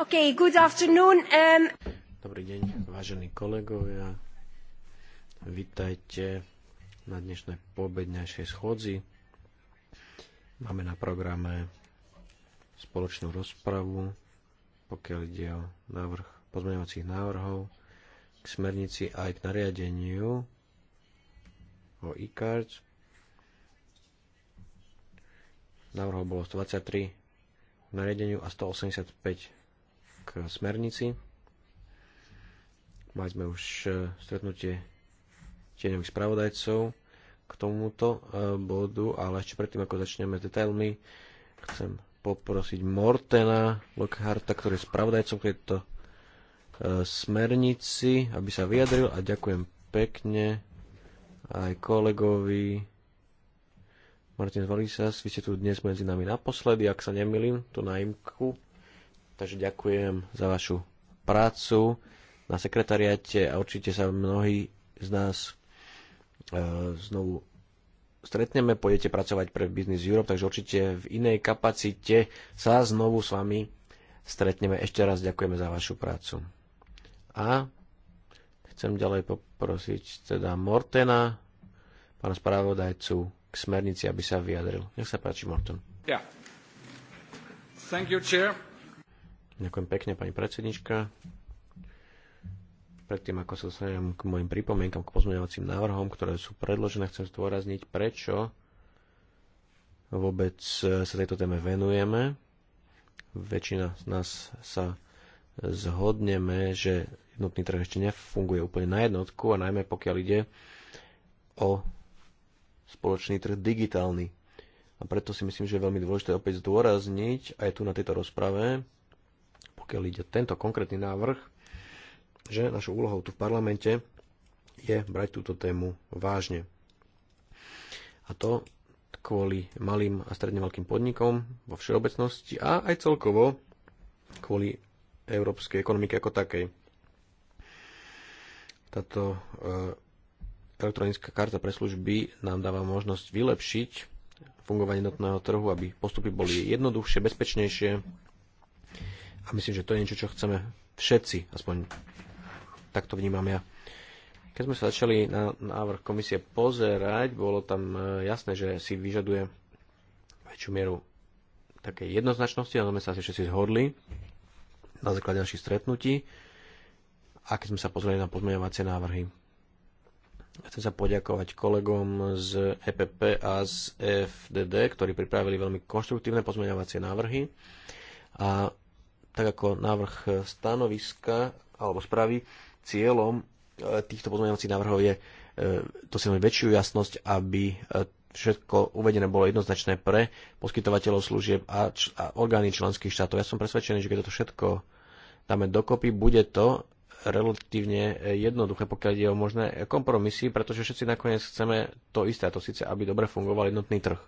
Okay, good afternoon. Um... Dobrý deň, vážení kolegovia. Vítajte na dnešnej poobednejšej schôdzi. Máme na programe spoločnú rozpravu, pokiaľ ide o návrh pozmeňovacích návrhov k smernici aj k nariadeniu o e-cards. Návrhov bolo 123 nariadeniu a 185 k smernici. Mali sme už e, stretnutie tieňových spravodajcov k tomuto e, bodu, ale ešte predtým, ako začneme detailmi, chcem poprosiť Mortena Lockharta, ktorý je spravodajcom k tejto e, smernici, aby sa vyjadril a ďakujem pekne aj kolegovi Martin Valisas, vy ste tu dnes medzi nami naposledy, ak sa nemilím, tu na imku. Takže ďakujem za vašu prácu na sekretariate a určite sa mnohí z nás e, znovu stretneme, pôjdete pracovať pre Business Europe, takže určite v inej kapacite sa znovu s vami stretneme. Ešte raz ďakujeme za vašu prácu. A chcem ďalej poprosiť teda Mortena, pána spravodajcu k smernici, aby sa vyjadril. Nech sa páči, Morten. Yeah. Thank you, chair. Ďakujem pekne, pani predsednička. Predtým, ako sa dostanem k mojim pripomienkam, k pozmeňovacím návrhom, ktoré sú predložené, chcem zdôrazniť, prečo vôbec sa tejto téme venujeme. Väčšina z nás sa zhodneme, že jednotný trh ešte nefunguje úplne na jednotku a najmä pokiaľ ide o spoločný trh digitálny. A preto si myslím, že je veľmi dôležité opäť zdôrazniť aj tu na tejto rozprave, pokiaľ ide tento konkrétny návrh, že našou úlohou tu v parlamente je brať túto tému vážne. A to kvôli malým a stredne veľkým podnikom vo všeobecnosti a aj celkovo kvôli európskej ekonomike ako takej. Táto e, elektronická karta pre služby nám dáva možnosť vylepšiť fungovanie jednotného trhu, aby postupy boli jednoduchšie, bezpečnejšie a myslím, že to je niečo, čo chceme všetci, aspoň tak to vnímam ja. Keď sme sa začali na návrh komisie pozerať, bolo tam e, jasné, že si vyžaduje väčšiu mieru takej jednoznačnosti, ale sme sa asi všetci zhodli na základe našich stretnutí a keď sme sa pozreli na pozmeňovacie návrhy. Chcem sa poďakovať kolegom z EPP a z e FDD, ktorí pripravili veľmi konštruktívne pozmeňovacie návrhy a tak ako návrh stanoviska alebo správy, cieľom e, týchto pozmeňovacích návrhov je e, dosiahnuť väčšiu jasnosť, aby e, všetko uvedené bolo jednoznačné pre poskytovateľov služieb a, a orgány členských štátov. Ja som presvedčený, že keď toto všetko dáme dokopy, bude to relatívne jednoduché, pokiaľ ide o možné kompromisy, pretože všetci nakoniec chceme to isté, a to síce, aby dobre fungoval jednotný trh.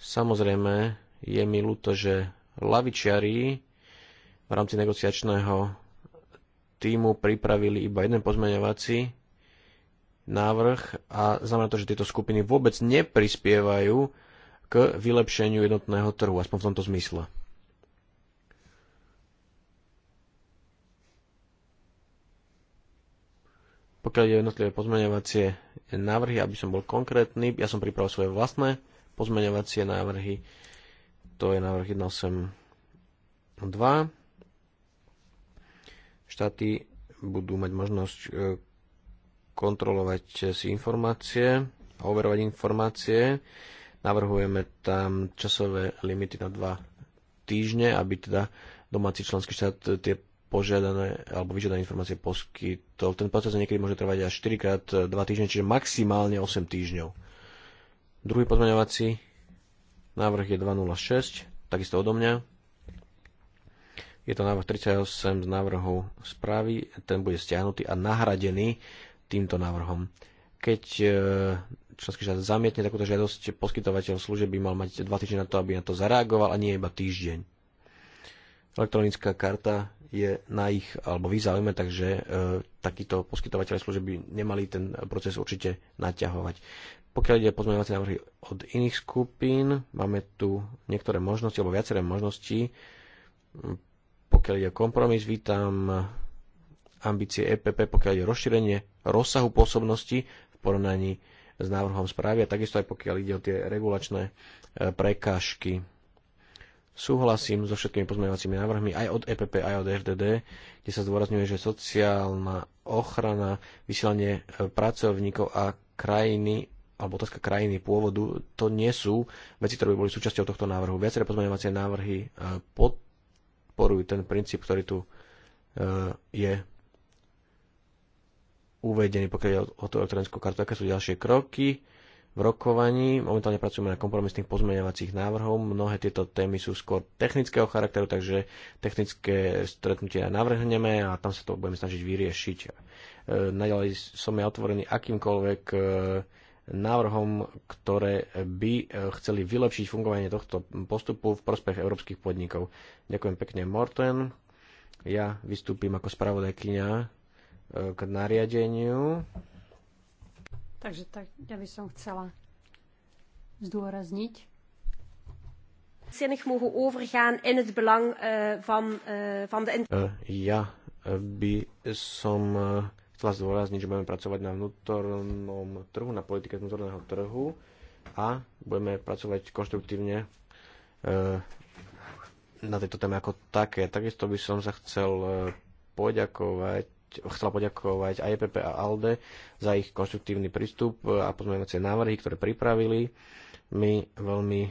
Samozrejme, je mi ľúto, že lavičiari v rámci negociačného týmu pripravili iba jeden pozmeňovací návrh a znamená to, že tieto skupiny vôbec neprispievajú k vylepšeniu jednotného trhu, aspoň v tomto zmysle. Pokiaľ je jednotlivé pozmeňovacie návrhy, aby som bol konkrétny, ja som pripravil svoje vlastné pozmeňovacie návrhy to je návrh 182. Štáty budú mať možnosť e, kontrolovať si informácie a overovať informácie. Navrhujeme tam časové limity na 2 týždne, aby teda domáci členský štát tie požiadané alebo vyžiadané informácie poskytol. Ten proces niekedy môže trvať až 4 krát 2 týždne, čiže maximálne 8 týždňov. Druhý pozmeňovací Návrh je 206, takisto odo mňa. Je to návrh 38 z návrhu správy, ten bude stiahnutý a nahradený týmto návrhom. Keď e, členský štát zamietne takúto žiadosť, poskytovateľ služeb by mal mať 2 týždne na to, aby na to zareagoval a nie iba týždeň. Elektronická karta je na ich alebo vy záujme, takže e, takíto poskytovateľe služeb by nemali ten proces určite naťahovať. Pokiaľ ide pozmeňovacie návrhy od iných skupín, máme tu niektoré možnosti, alebo viaceré možnosti. Pokiaľ ide kompromis, vítam ambície EPP, pokiaľ ide rozšírenie rozsahu pôsobnosti v porovnaní s návrhom správy a takisto aj pokiaľ ide o tie regulačné e, prekážky. Súhlasím so všetkými pozmeňovacími návrhmi aj od EPP, aj od FDD, kde sa zdôrazňuje, že sociálna ochrana, vysielanie e, pracovníkov a krajiny alebo otázka krajiny pôvodu, to nie sú veci, ktoré by boli súčasťou tohto návrhu. Viaceré pozmeňovacie návrhy e, podporujú ten princíp, ktorý tu e, je uvedený, pokiaľ je o tú elektronickú kartu. Aké sú ďalšie kroky v rokovaní? Momentálne pracujeme na kompromisných pozmeňovacích návrhov. Mnohé tieto témy sú skôr technického charakteru, takže technické stretnutia navrhneme a tam sa to budeme snažiť vyriešiť. E, naďalej som ja otvorený akýmkoľvek návrhom, ktoré by eh, chceli vylepšiť fungovanie tohto postupu v prospech európskych podnikov. Ďakujem pekne, Morten. Ja vystúpim ako spravodajkynia eh, k nariadeniu. Takže tak, ja by som chcela zdôrazniť. Eh, ja by som chcela zdôrazniť, že budeme pracovať na vnútornom trhu, na politike vnútorného trhu a budeme pracovať konštruktívne e, na tejto téme ako také. Takisto by som sa chcel e, poďakovať chcela poďakovať aj EPP a ALDE za ich konštruktívny prístup a pozmeňovacie návrhy, ktoré pripravili. My veľmi e,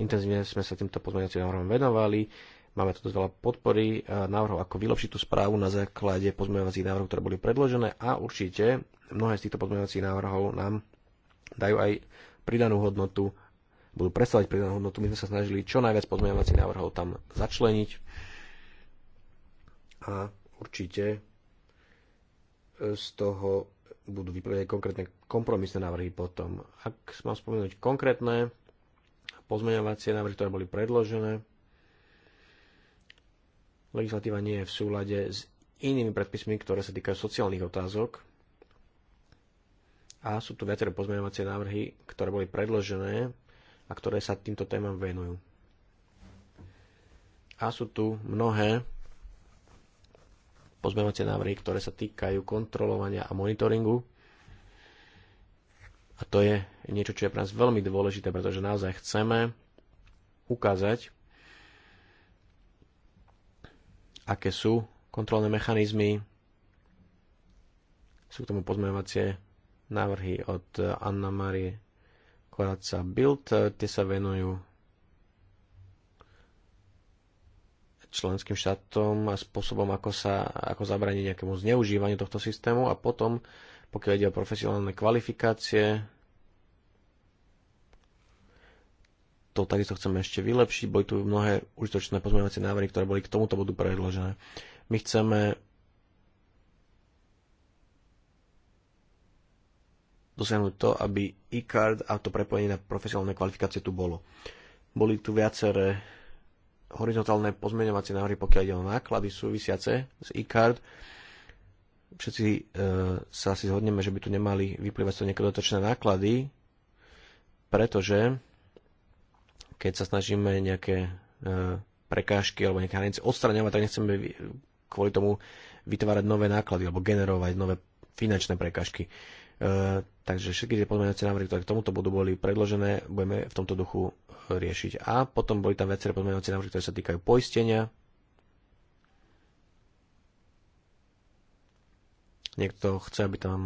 intenzívne sme sa týmto pozmeňovacím návrhom venovali Máme tu veľa podpory a návrhov, ako vylepšiť tú správu na základe pozmeňovacích návrhov, ktoré boli predložené a určite mnohé z týchto pozmeňovacích návrhov nám dajú aj pridanú hodnotu, budú predstavať pridanú hodnotu. My sme sa snažili čo najviac pozmeňovacích návrhov tam začleniť a určite e, z toho budú vyplývať konkrétne kompromisné návrhy potom. Ak mám spomenúť konkrétne pozmeňovacie návrhy, ktoré boli predložené, legislatíva nie je v súlade s inými predpismi, ktoré sa týkajú sociálnych otázok. A sú tu viaceré pozmeňovacie návrhy, ktoré boli predložené a ktoré sa týmto témam venujú. A sú tu mnohé pozmeňovacie návrhy, ktoré sa týkajú kontrolovania a monitoringu. A to je niečo, čo je pre nás veľmi dôležité, pretože naozaj chceme ukázať aké sú kontrolné mechanizmy. Sú k tomu pozmeňovacie návrhy od Anna Marie Koraca Bild. Tie sa venujú členským štátom a spôsobom, ako, sa, ako zabraniť nejakému zneužívaniu tohto systému a potom, pokiaľ ide o profesionálne kvalifikácie, to takisto chceme ešte vylepšiť. Boli tu mnohé užitočné pozmeňovacie návrhy, ktoré boli k tomuto bodu predložené. My chceme dosiahnuť to, aby e-card a to prepojenie na profesionálne kvalifikácie tu bolo. Boli tu viaceré horizontálne pozmeňovacie návrhy, pokiaľ ide o náklady súvisiace s e-card. Všetci e, sa asi zhodneme, že by tu nemali vyplývať to nejaké dotočné náklady, pretože keď sa snažíme nejaké e, prekážky alebo nejaké hranice odstraňovať, tak nechceme kvôli tomu vytvárať nové náklady alebo generovať nové finančné prekážky. E, takže všetky tie pozmeňovacie návrhy, ktoré k tomuto bodu boli predložené, budeme v tomto duchu e, riešiť. A potom boli tam viaceré pozmeňovacie návrhy, ktoré sa týkajú poistenia. Niekto chce, aby tam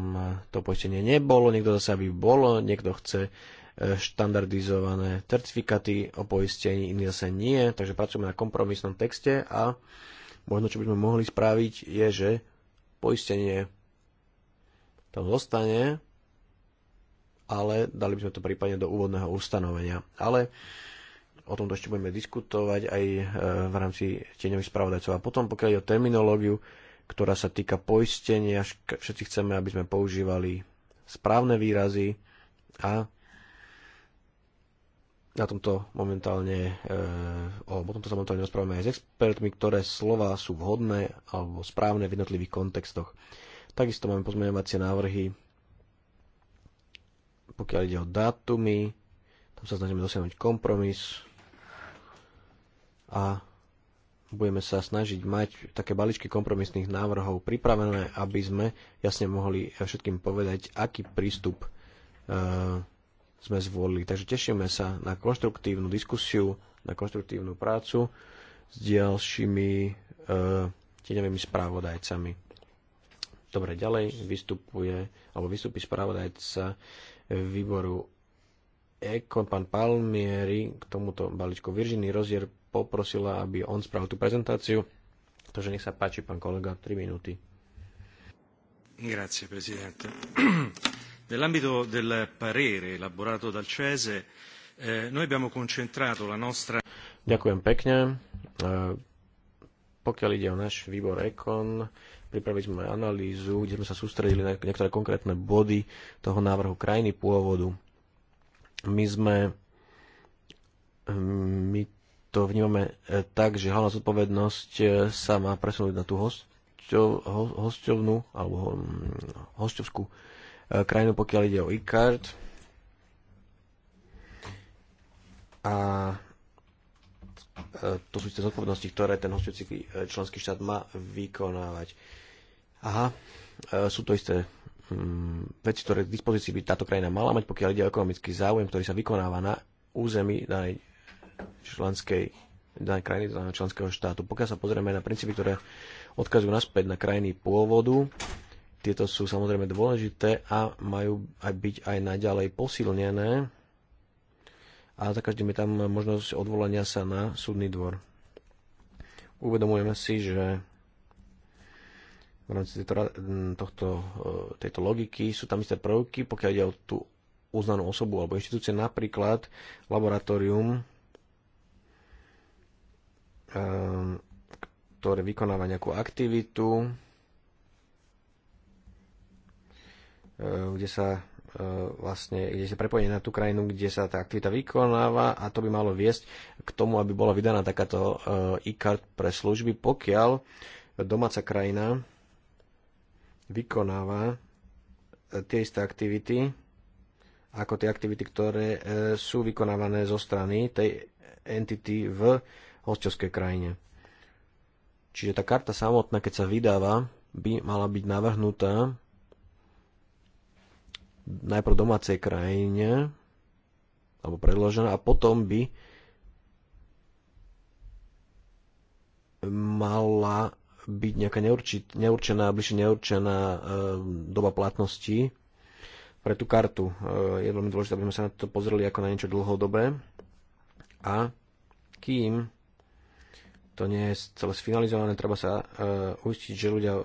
to poistenie nebolo, niekto zase, aby bolo, niekto chce, štandardizované certifikáty o poistení, iný zase nie, takže pracujeme na kompromisnom texte a možno čo by sme mohli spraviť je, že poistenie tam zostane, ale dali by sme to prípadne do úvodného ustanovenia. Ale o tomto ešte budeme diskutovať aj e, v rámci tieňových spravodajcov. A potom, pokiaľ ide o terminológiu, ktorá sa týka poistenia, všetci chceme, aby sme používali správne výrazy a na tomto momentálne, eh, o tomto sa momentálne rozprávame aj s expertmi, ktoré slova sú vhodné alebo správne v jednotlivých kontextoch. Takisto máme pozmeňovacie návrhy, pokiaľ ide o dátumy, tam sa snažíme dosiahnuť kompromis a budeme sa snažiť mať také balíčky kompromisných návrhov pripravené, aby sme jasne mohli všetkým povedať, aký prístup e, sme zvolili. Takže tešíme sa na konštruktívnu diskusiu, na konštruktívnu prácu s ďalšími e, tieňovými správodajcami. Dobre, ďalej vystupuje, alebo vystupí správodajca výboru Ekon, pán Palmieri, k tomuto balíčku. Virginie Rozier poprosila, aby on spravil tú prezentáciu. Takže nech sa páči, pán kolega, 3 minúty. Grazie, prezident. Nell'ambito del parere elaborato dal CESE, eh, noi abbiamo concentrato la nostra... Ďakujem pekne. Eh, pokiaľ ide o náš výbor EKON, pripravili sme analýzu, kde sme sa sústredili na niektoré konkrétne body toho návrhu krajiny pôvodu. My sme hm, my to vnímame eh, tak, že hlavná zodpovednosť eh, sa má presunúť na tú hosťovnú alebo hm, hosťovskú E, krajinu, pokiaľ ide o ICARD. A e, to sú tie zodpovednosti, ktoré ten hostujúci e, členský štát má vykonávať. Aha, sú to isté mm, veci, ktoré k dispozícii by táto krajina mala mať, pokiaľ ide o ekonomický záujem, ktorý sa vykonáva na území danej členskej danej krajiny, danej členského štátu. Pokiaľ sa pozrieme na princípy, ktoré odkazujú naspäť na krajiny pôvodu, tieto sú samozrejme dôležité a majú aj byť aj naďalej posilnené a za každým je tam možnosť odvolania sa na súdny dvor. Uvedomujeme si, že v rámci tejto, tohto, e, tejto logiky sú tam isté prvky, pokiaľ ide o tú uznanú osobu alebo inštitúcie, napríklad laboratórium, e, ktoré vykonáva nejakú aktivitu, E, kde sa e, vlastne, kde sa prepojenie na tú krajinu, kde sa tá aktivita vykonáva a to by malo viesť k tomu, aby bola vydaná takáto e, e-card pre služby, pokiaľ domáca krajina vykonáva tie isté aktivity, ako tie aktivity, ktoré sú vykonávané zo strany tej entity v hostovskej krajine. Čiže tá karta samotná, keď sa vydáva, by mala byť navrhnutá najprv domácej krajine alebo predložená a potom by mala byť nejaká neurčit, neurčená, bližšie neurčená e, doba platnosti pre tú kartu. E, je veľmi dôležité, aby sme sa na to pozreli ako na niečo dlhodobé. A kým to nie je celé sfinalizované, treba sa e, uistiť, že ľudia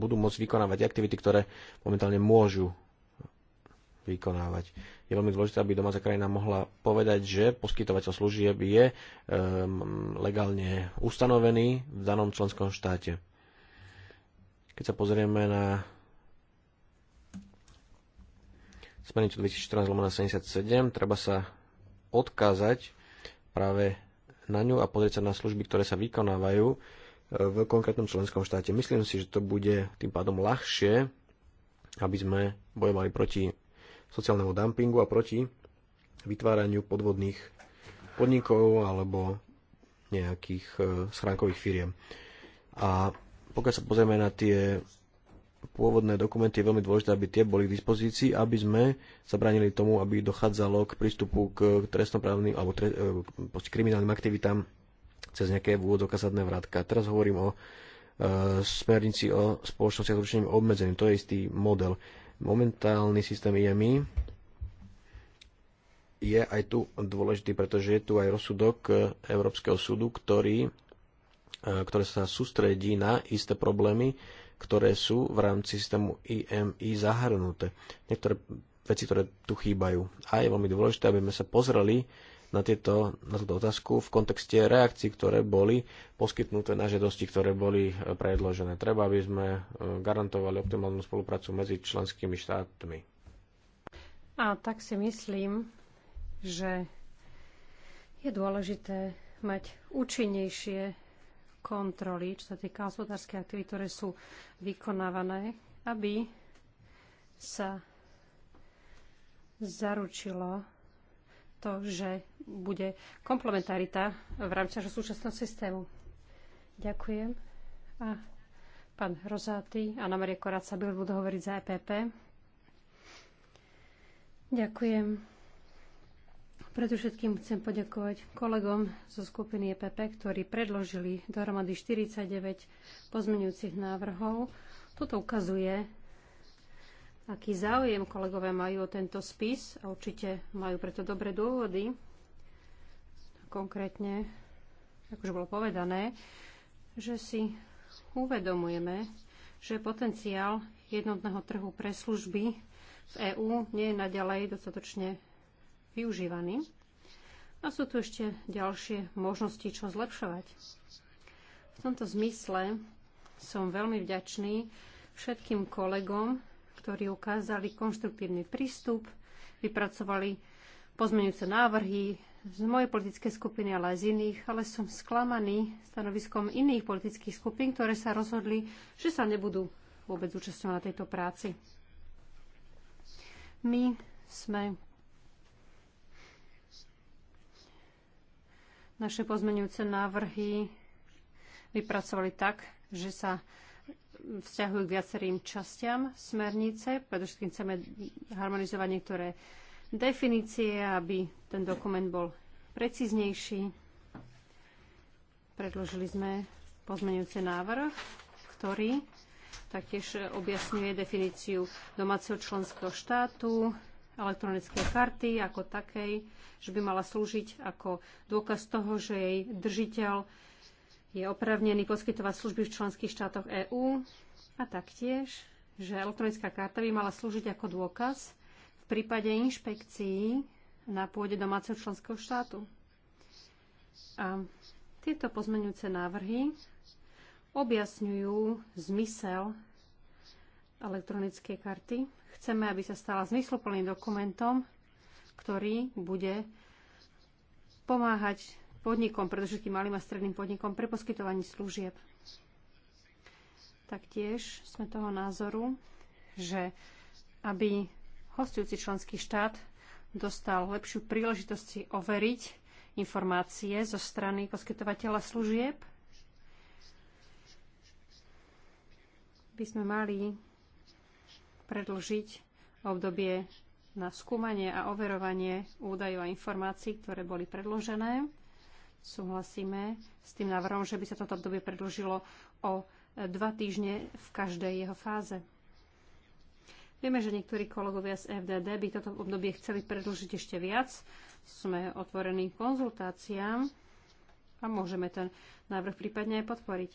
budú môcť vykonávať aktivity, ktoré momentálne môžu vykonávať. Je veľmi dôležité, aby domáca krajina mohla povedať, že poskytovateľ služieb je um, legálne ustanovený v danom členskom štáte. Keď sa pozrieme na smernicu 2014-77, treba sa odkázať práve na ňu a pozrieť sa na služby, ktoré sa vykonávajú e, v konkrétnom členskom štáte. Myslím si, že to bude tým pádom ľahšie, aby sme bojovali proti sociálnemu dumpingu a proti vytváraniu podvodných podnikov alebo nejakých e, schránkových firiem. A pokiaľ sa pozrieme na tie pôvodné dokumenty, je veľmi dôležité, aby tie boli k dispozícii, aby sme zabránili tomu, aby dochádzalo k prístupu k trestnoprávnym alebo tre, k e, kriminálnym aktivitám cez nejaké vôdzokazadné vrátka. Teraz hovorím o e, smernici o spoločnosti s ručením obmedzeným. To je istý model. Momentálny systém IMI je aj tu dôležitý, pretože je tu aj rozsudok e, Európskeho súdu, ktorý, e, ktoré sa sústredí na isté problémy, ktoré sú v rámci systému IMI zahrnuté. Niektoré veci, ktoré tu chýbajú. A je veľmi dôležité, aby sme sa pozreli na, tieto, na túto otázku v kontexte reakcií, ktoré boli poskytnuté na žiadosti, ktoré boli e, predložené. Treba, aby sme e, garantovali optimálnu spoluprácu medzi členskými štátmi. A tak si myslím, že je dôležité mať účinnejšie kontroly, čo sa týka hospodárskej aktivity, ktoré sú vykonávané, aby sa zaručilo to, že bude komplementarita v rámci našho súčasného systému. Ďakujem. A pán Rozáty, Anna Maria Koráca, budú hovoriť za EPP. Ďakujem. Predovšetkým chcem poďakovať kolegom zo skupiny EPP, ktorí predložili dohromady 49 pozmenujúcich návrhov. Toto ukazuje, aký záujem kolegové majú o tento spis a určite majú preto dobré dôvody. Konkrétne, ako už bolo povedané, že si uvedomujeme, že potenciál jednotného trhu pre služby v EÚ nie je naďalej dostatočne využívaný. A sú tu ešte ďalšie možnosti, čo zlepšovať. V tomto zmysle som veľmi vďačný všetkým kolegom, ktorí ukázali konštruktívny prístup, vypracovali pozmeňujúce návrhy z mojej politickej skupiny, ale aj z iných, ale som sklamaný stanoviskom iných politických skupín, ktoré sa rozhodli, že sa nebudú vôbec účastňovať na tejto práci. My sme naše pozmeňujúce návrhy vypracovali tak, že sa vzťahujú k viacerým častiam smernice. Predovšetkým chceme harmonizovať niektoré definície, aby ten dokument bol preciznejší. Predložili sme pozmenujúce návrh, ktorý taktiež objasňuje definíciu domáceho členského štátu, elektronické karty ako takej, že by mala slúžiť ako dôkaz toho, že jej držiteľ je opravnený poskytovať služby v členských štátoch EÚ a taktiež, že elektronická karta by mala slúžiť ako dôkaz v prípade inšpekcií na pôde domáceho členského štátu. A tieto pozmenujúce návrhy objasňujú zmysel elektronickej karty. Chceme, aby sa stala zmysluplným dokumentom, ktorý bude pomáhať podnikom, predovšetkým malým a stredným podnikom pre poskytovanie služieb. Taktiež sme toho názoru, že aby hostujúci členský štát dostal lepšiu príležitosť si overiť informácie zo strany poskytovateľa služieb, by sme mali predlžiť obdobie na skúmanie a overovanie údajov a informácií, ktoré boli predložené. Súhlasíme s tým návrhom, že by sa toto obdobie predlžilo o e, dva týždne v každej jeho fáze. Vieme, že niektorí kolegovia z FDD by toto obdobie chceli predlžiť ešte viac. Sme otvorení konzultáciám a môžeme ten návrh prípadne aj podporiť.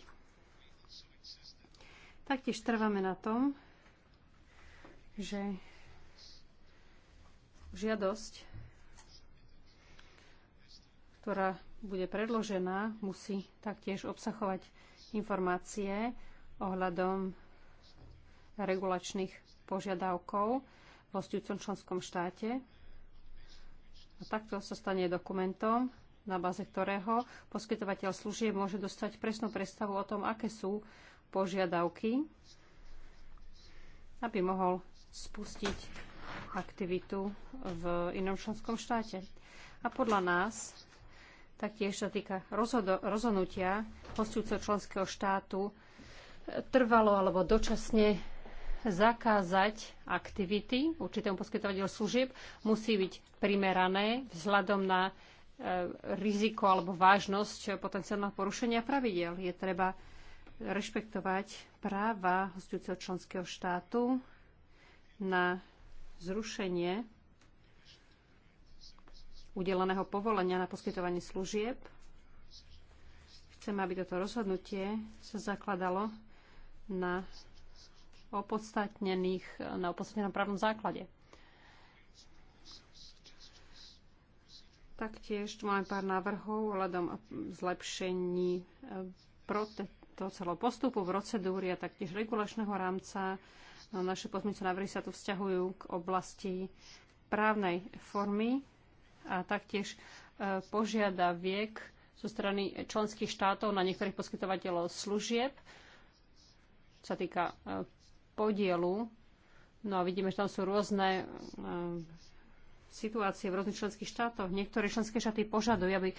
Taktiež trváme na tom, že žiadosť, ktorá bude predložená, musí taktiež obsahovať informácie ohľadom regulačných požiadavkov v hostujúcom členskom štáte. A takto sa stane dokumentom, na báze ktorého poskytovateľ služieb môže dostať presnú predstavu o tom, aké sú požiadavky, aby mohol spustiť aktivitu v inom členskom štáte. A podľa nás taktiež sa týka rozhodnutia hostujúceho členského štátu e, trvalo alebo dočasne zakázať aktivity určitému poskytovateľu služieb musí byť primerané vzhľadom na e, riziko alebo vážnosť potenciálneho porušenia pravidel. Je treba rešpektovať práva hostujúceho členského štátu na zrušenie udeleného povolenia na poskytovanie služieb. Chcem, aby toto rozhodnutie sa zakladalo na opodstatnených, na opodstatnenom právnom základe. Taktiež tu máme pár návrhov hľadom zlepšení eh, toho celého postupu, procedúry a taktiež regulačného rámca. No, naše pozmeňujúce návrhy sa tu vzťahujú k oblasti právnej formy a taktiež e, požiadaviek zo strany členských štátov na niektorých poskytovateľov služieb, sa týka e, podielu. No a vidíme, že tam sú rôzne e, situácie v rôznych členských štátoch. Niektoré členské štáty požadujú, aby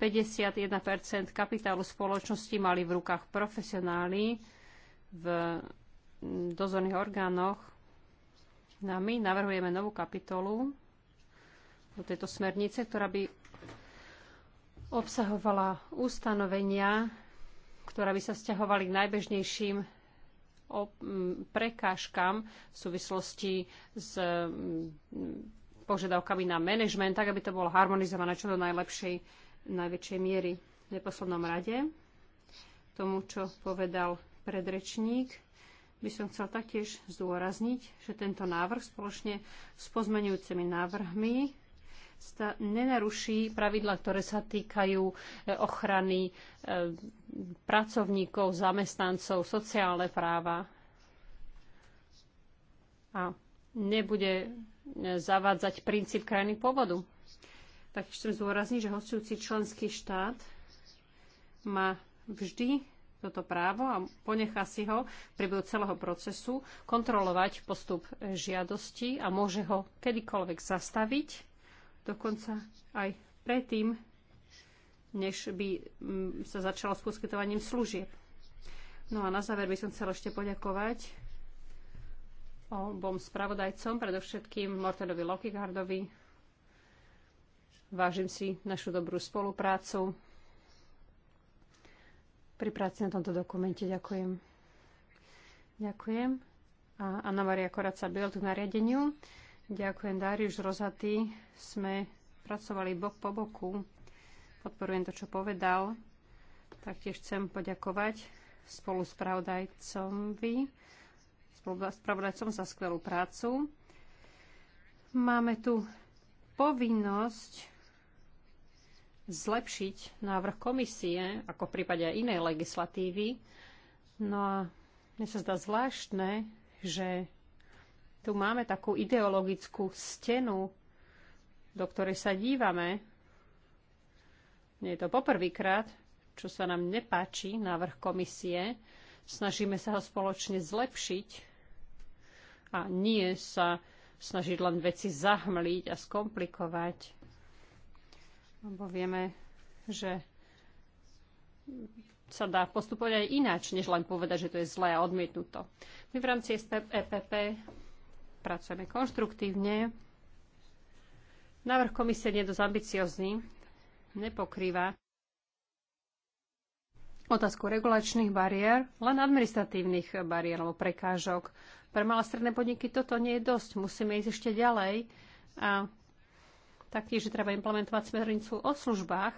51 kapitálu spoločnosti mali v rukách profesionáli v dozorných orgánoch. No a my navrhujeme novú kapitolu, do tejto smernice, ktorá by obsahovala ustanovenia, ktorá by sa vzťahovali k najbežnejším prekážkam v súvislosti s požiadavkami na manažment, tak aby to bolo harmonizované čo do najlepšej, najväčšej miery. V neposlednom rade tomu, čo povedal predrečník, by som chcel taktiež zdôrazniť, že tento návrh spoločne s pozmenujúcimi návrhmi nenaruší pravidla, ktoré sa týkajú e, ochrany e, pracovníkov, zamestnancov, sociálne práva a nebude e, zavádzať princíp krajiny pôvodu. Tak chcem zúrazniť, že hostujúci členský štát má vždy toto právo a ponechá si ho v priebehu celého procesu kontrolovať postup žiadosti a môže ho kedykoľvek zastaviť dokonca aj predtým, než by mm, sa začalo s poskytovaním služieb. No a na záver by som chcela ešte poďakovať obom spravodajcom, predovšetkým Mortenovi Lockigardovi. Vážim si našu dobrú spoluprácu. Pri práci na tomto dokumente ďakujem. Ďakujem. A Anna Maria Koraca tu k nariadeniu. Ďakujem, Darius Rozaty. Sme pracovali bok po boku. Podporujem to, čo povedal. Taktiež chcem poďakovať spolu spravodajcovi, spravodajcom za skvelú prácu. Máme tu povinnosť zlepšiť návrh komisie, ako v prípade aj inej legislatívy. No a mne sa zdá zvláštne, že tu máme takú ideologickú stenu, do ktorej sa dívame. Nie je to poprvýkrát, čo sa nám nepáči, návrh komisie. Snažíme sa ho spoločne zlepšiť a nie sa snažiť len veci zahmliť a skomplikovať. Lebo vieme, že sa dá postupovať aj ináč, než len povedať, že to je zlé a odmietnuto. My v rámci EPP pracujeme konštruktívne. Návrh komisie nie je dosť ambiciozný, nepokrýva otázku regulačných bariér, len administratívnych bariér alebo prekážok. Pre malé stredné podniky toto nie je dosť, musíme ísť ešte ďalej. A taktiež treba implementovať smernicu o službách.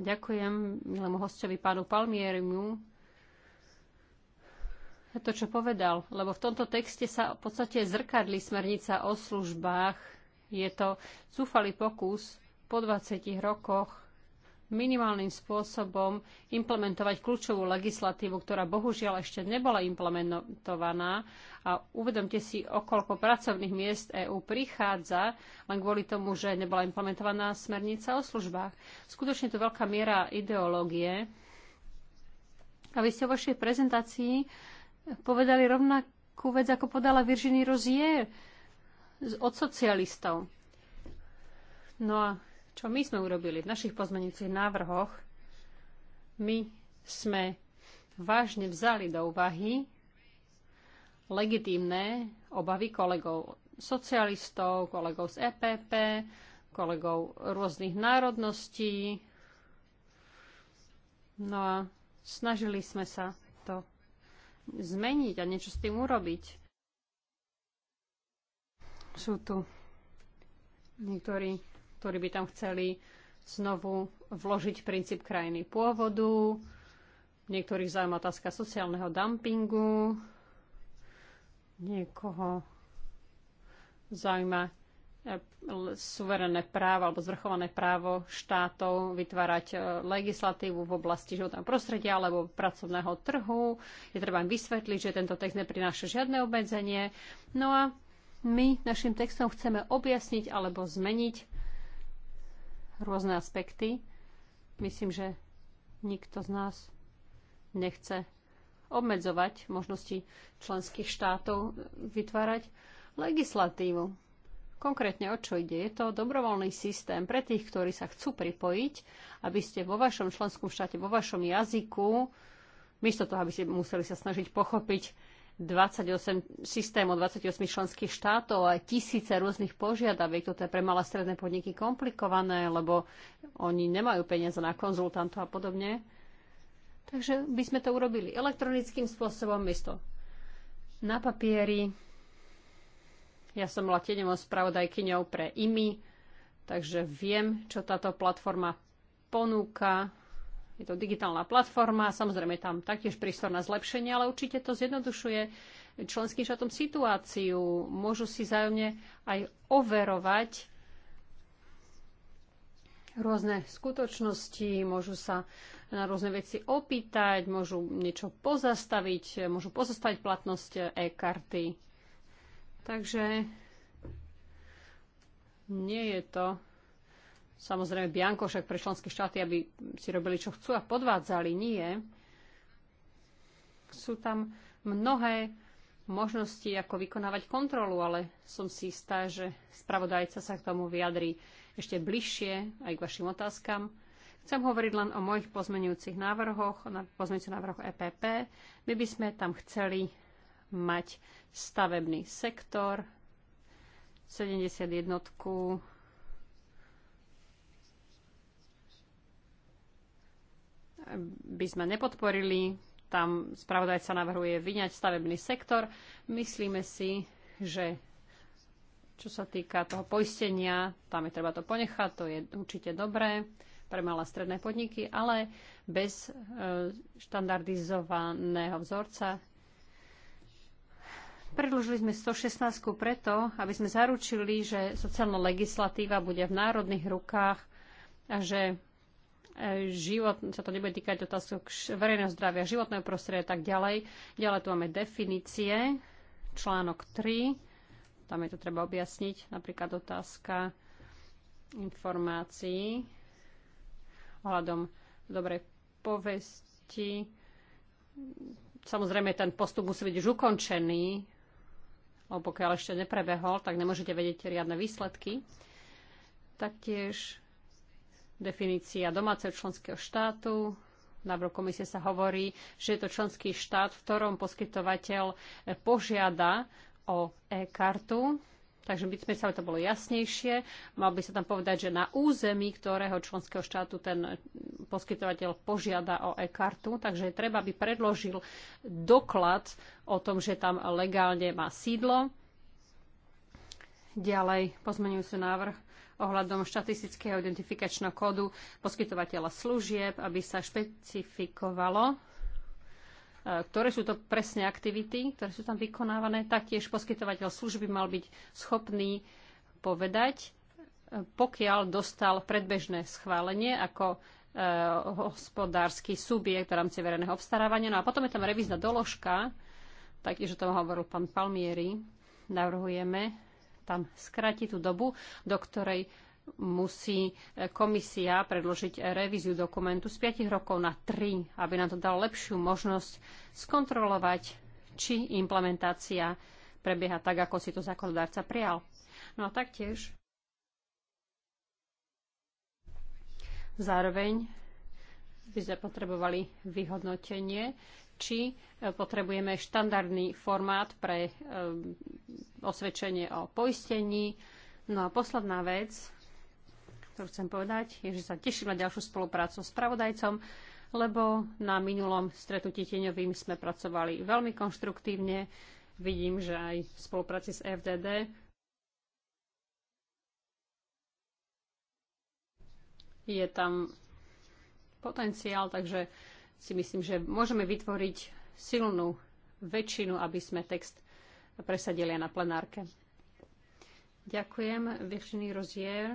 Ďakujem milému hostovi pánu Palmierimu to, čo povedal, lebo v tomto texte sa v podstate zrkadli smernica o službách. Je to zúfalý pokus po 20 rokoch minimálnym spôsobom implementovať kľúčovú legislatívu, ktorá bohužiaľ ešte nebola implementovaná. A uvedomte si, okolko pracovných miest EÚ prichádza len kvôli tomu, že nebola implementovaná smernica o službách. Skutočne to veľká miera ideológie. A vy ste vo vašej prezentácii povedali rovnakú vec, ako podala Virginie Rozier od socialistov. No a čo my sme urobili v našich pozmenujúcich návrhoch? My sme vážne vzali do úvahy legitímne obavy kolegov socialistov, kolegov z EPP, kolegov rôznych národností. No a snažili sme sa to zmeniť a niečo s tým urobiť. Sú tu niektorí, ktorí by tam chceli znovu vložiť princíp krajiny pôvodu, niektorých zaujíma otázka sociálneho dumpingu, niekoho zaujíma suverené práva alebo zvrchované právo štátov vytvárať e, legislatívu v oblasti životného prostredia alebo pracovného trhu. Je treba im vysvetliť, že tento text neprináša žiadne obmedzenie. No a my našim textom chceme objasniť alebo zmeniť rôzne aspekty. Myslím, že nikto z nás nechce obmedzovať možnosti členských štátov vytvárať legislatívu Konkrétne o čo ide? Je to dobrovoľný systém pre tých, ktorí sa chcú pripojiť, aby ste vo vašom členskom štáte, vo vašom jazyku, miesto toho, aby ste museli sa snažiť pochopiť 28 systémov 28 členských štátov a tisíce rôznych požiadaviek. Toto je pre malé stredné podniky komplikované, lebo oni nemajú peniaze na konzultantov a podobne. Takže by sme to urobili elektronickým spôsobom, miesto na papieri, ja som bola tieňovou spravodajkyňou pre IMI, takže viem, čo táto platforma ponúka. Je to digitálna platforma, samozrejme tam taktiež prístor na zlepšenie, ale určite to zjednodušuje členským šatom situáciu. Môžu si zájomne aj overovať rôzne skutočnosti, môžu sa na rôzne veci opýtať, môžu niečo pozastaviť, môžu pozastaviť platnosť e-karty. Takže nie je to samozrejme Bianko však pre členské štáty, aby si robili, čo chcú a podvádzali. Nie. Sú tam mnohé možnosti, ako vykonávať kontrolu, ale som si istá, že spravodajca sa k tomu vyjadrí ešte bližšie aj k vašim otázkam. Chcem hovoriť len o mojich pozmenujúcich návrhoch, na pozmenujúcich návrhoch EPP. My by sme tam chceli mať stavebný sektor, 71 by sme nepodporili. Tam spravodajca navrhuje vyňať stavebný sektor. Myslíme si, že čo sa týka toho poistenia, tam je treba to ponechať, to je určite dobré pre malé stredné podniky, ale bez e, štandardizovaného vzorca Predložili sme 116 preto, aby sme zaručili, že sociálna legislatíva bude v národných rukách a že e, život, sa to nebude týkať otázok verejného zdravia, životného prostredia a tak ďalej. Ďalej tu máme definície, článok 3, tam je to treba objasniť, napríklad otázka informácií ohľadom dobrej povesti. Samozrejme, ten postup musí byť už ukončený, alebo pokiaľ ešte neprebehol, tak nemôžete vedieť riadne výsledky. Taktiež definícia domáceho členského štátu. Na komisie sa hovorí, že je to členský štát, v ktorom poskytovateľ eh, požiada o e-kartu. Takže by sme sa to bolo jasnejšie. Mal by sa tam povedať, že na území ktorého členského štátu ten poskytovateľ požiada o e-kartu, takže treba by predložil doklad o tom, že tam legálne má sídlo. Ďalej sa návrh ohľadom štatistického identifikačného kódu poskytovateľa služieb, aby sa špecifikovalo, e, ktoré sú to presne aktivity, ktoré sú tam vykonávané. Taktiež poskytovateľ služby mal byť schopný povedať, e, pokiaľ dostal predbežné schválenie ako Eh, hospodársky subjekt v rámci verejného obstarávania. No a potom je tam revízna doložka, taktiež o tom hovoril pán Palmieri. Navrhujeme tam skrátiť tú dobu, do ktorej musí eh, komisia predložiť revíziu dokumentu z 5 rokov na 3, aby nám to dalo lepšiu možnosť skontrolovať, či implementácia prebieha tak, ako si to zákonodárca prijal. No a taktiež Zároveň by sme potrebovali vyhodnotenie, či e, potrebujeme štandardný formát pre e, osvedčenie o poistení. No a posledná vec, ktorú chcem povedať, je, že sa teším na ďalšiu spoluprácu s pravodajcom, lebo na minulom stretnutí tieňovým sme pracovali veľmi konštruktívne. Vidím, že aj v spolupráci s FDD je tam potenciál, takže si myslím, že môžeme vytvoriť silnú väčšinu, aby sme text presadili na plenárke. Ďakujem Virginie Rozier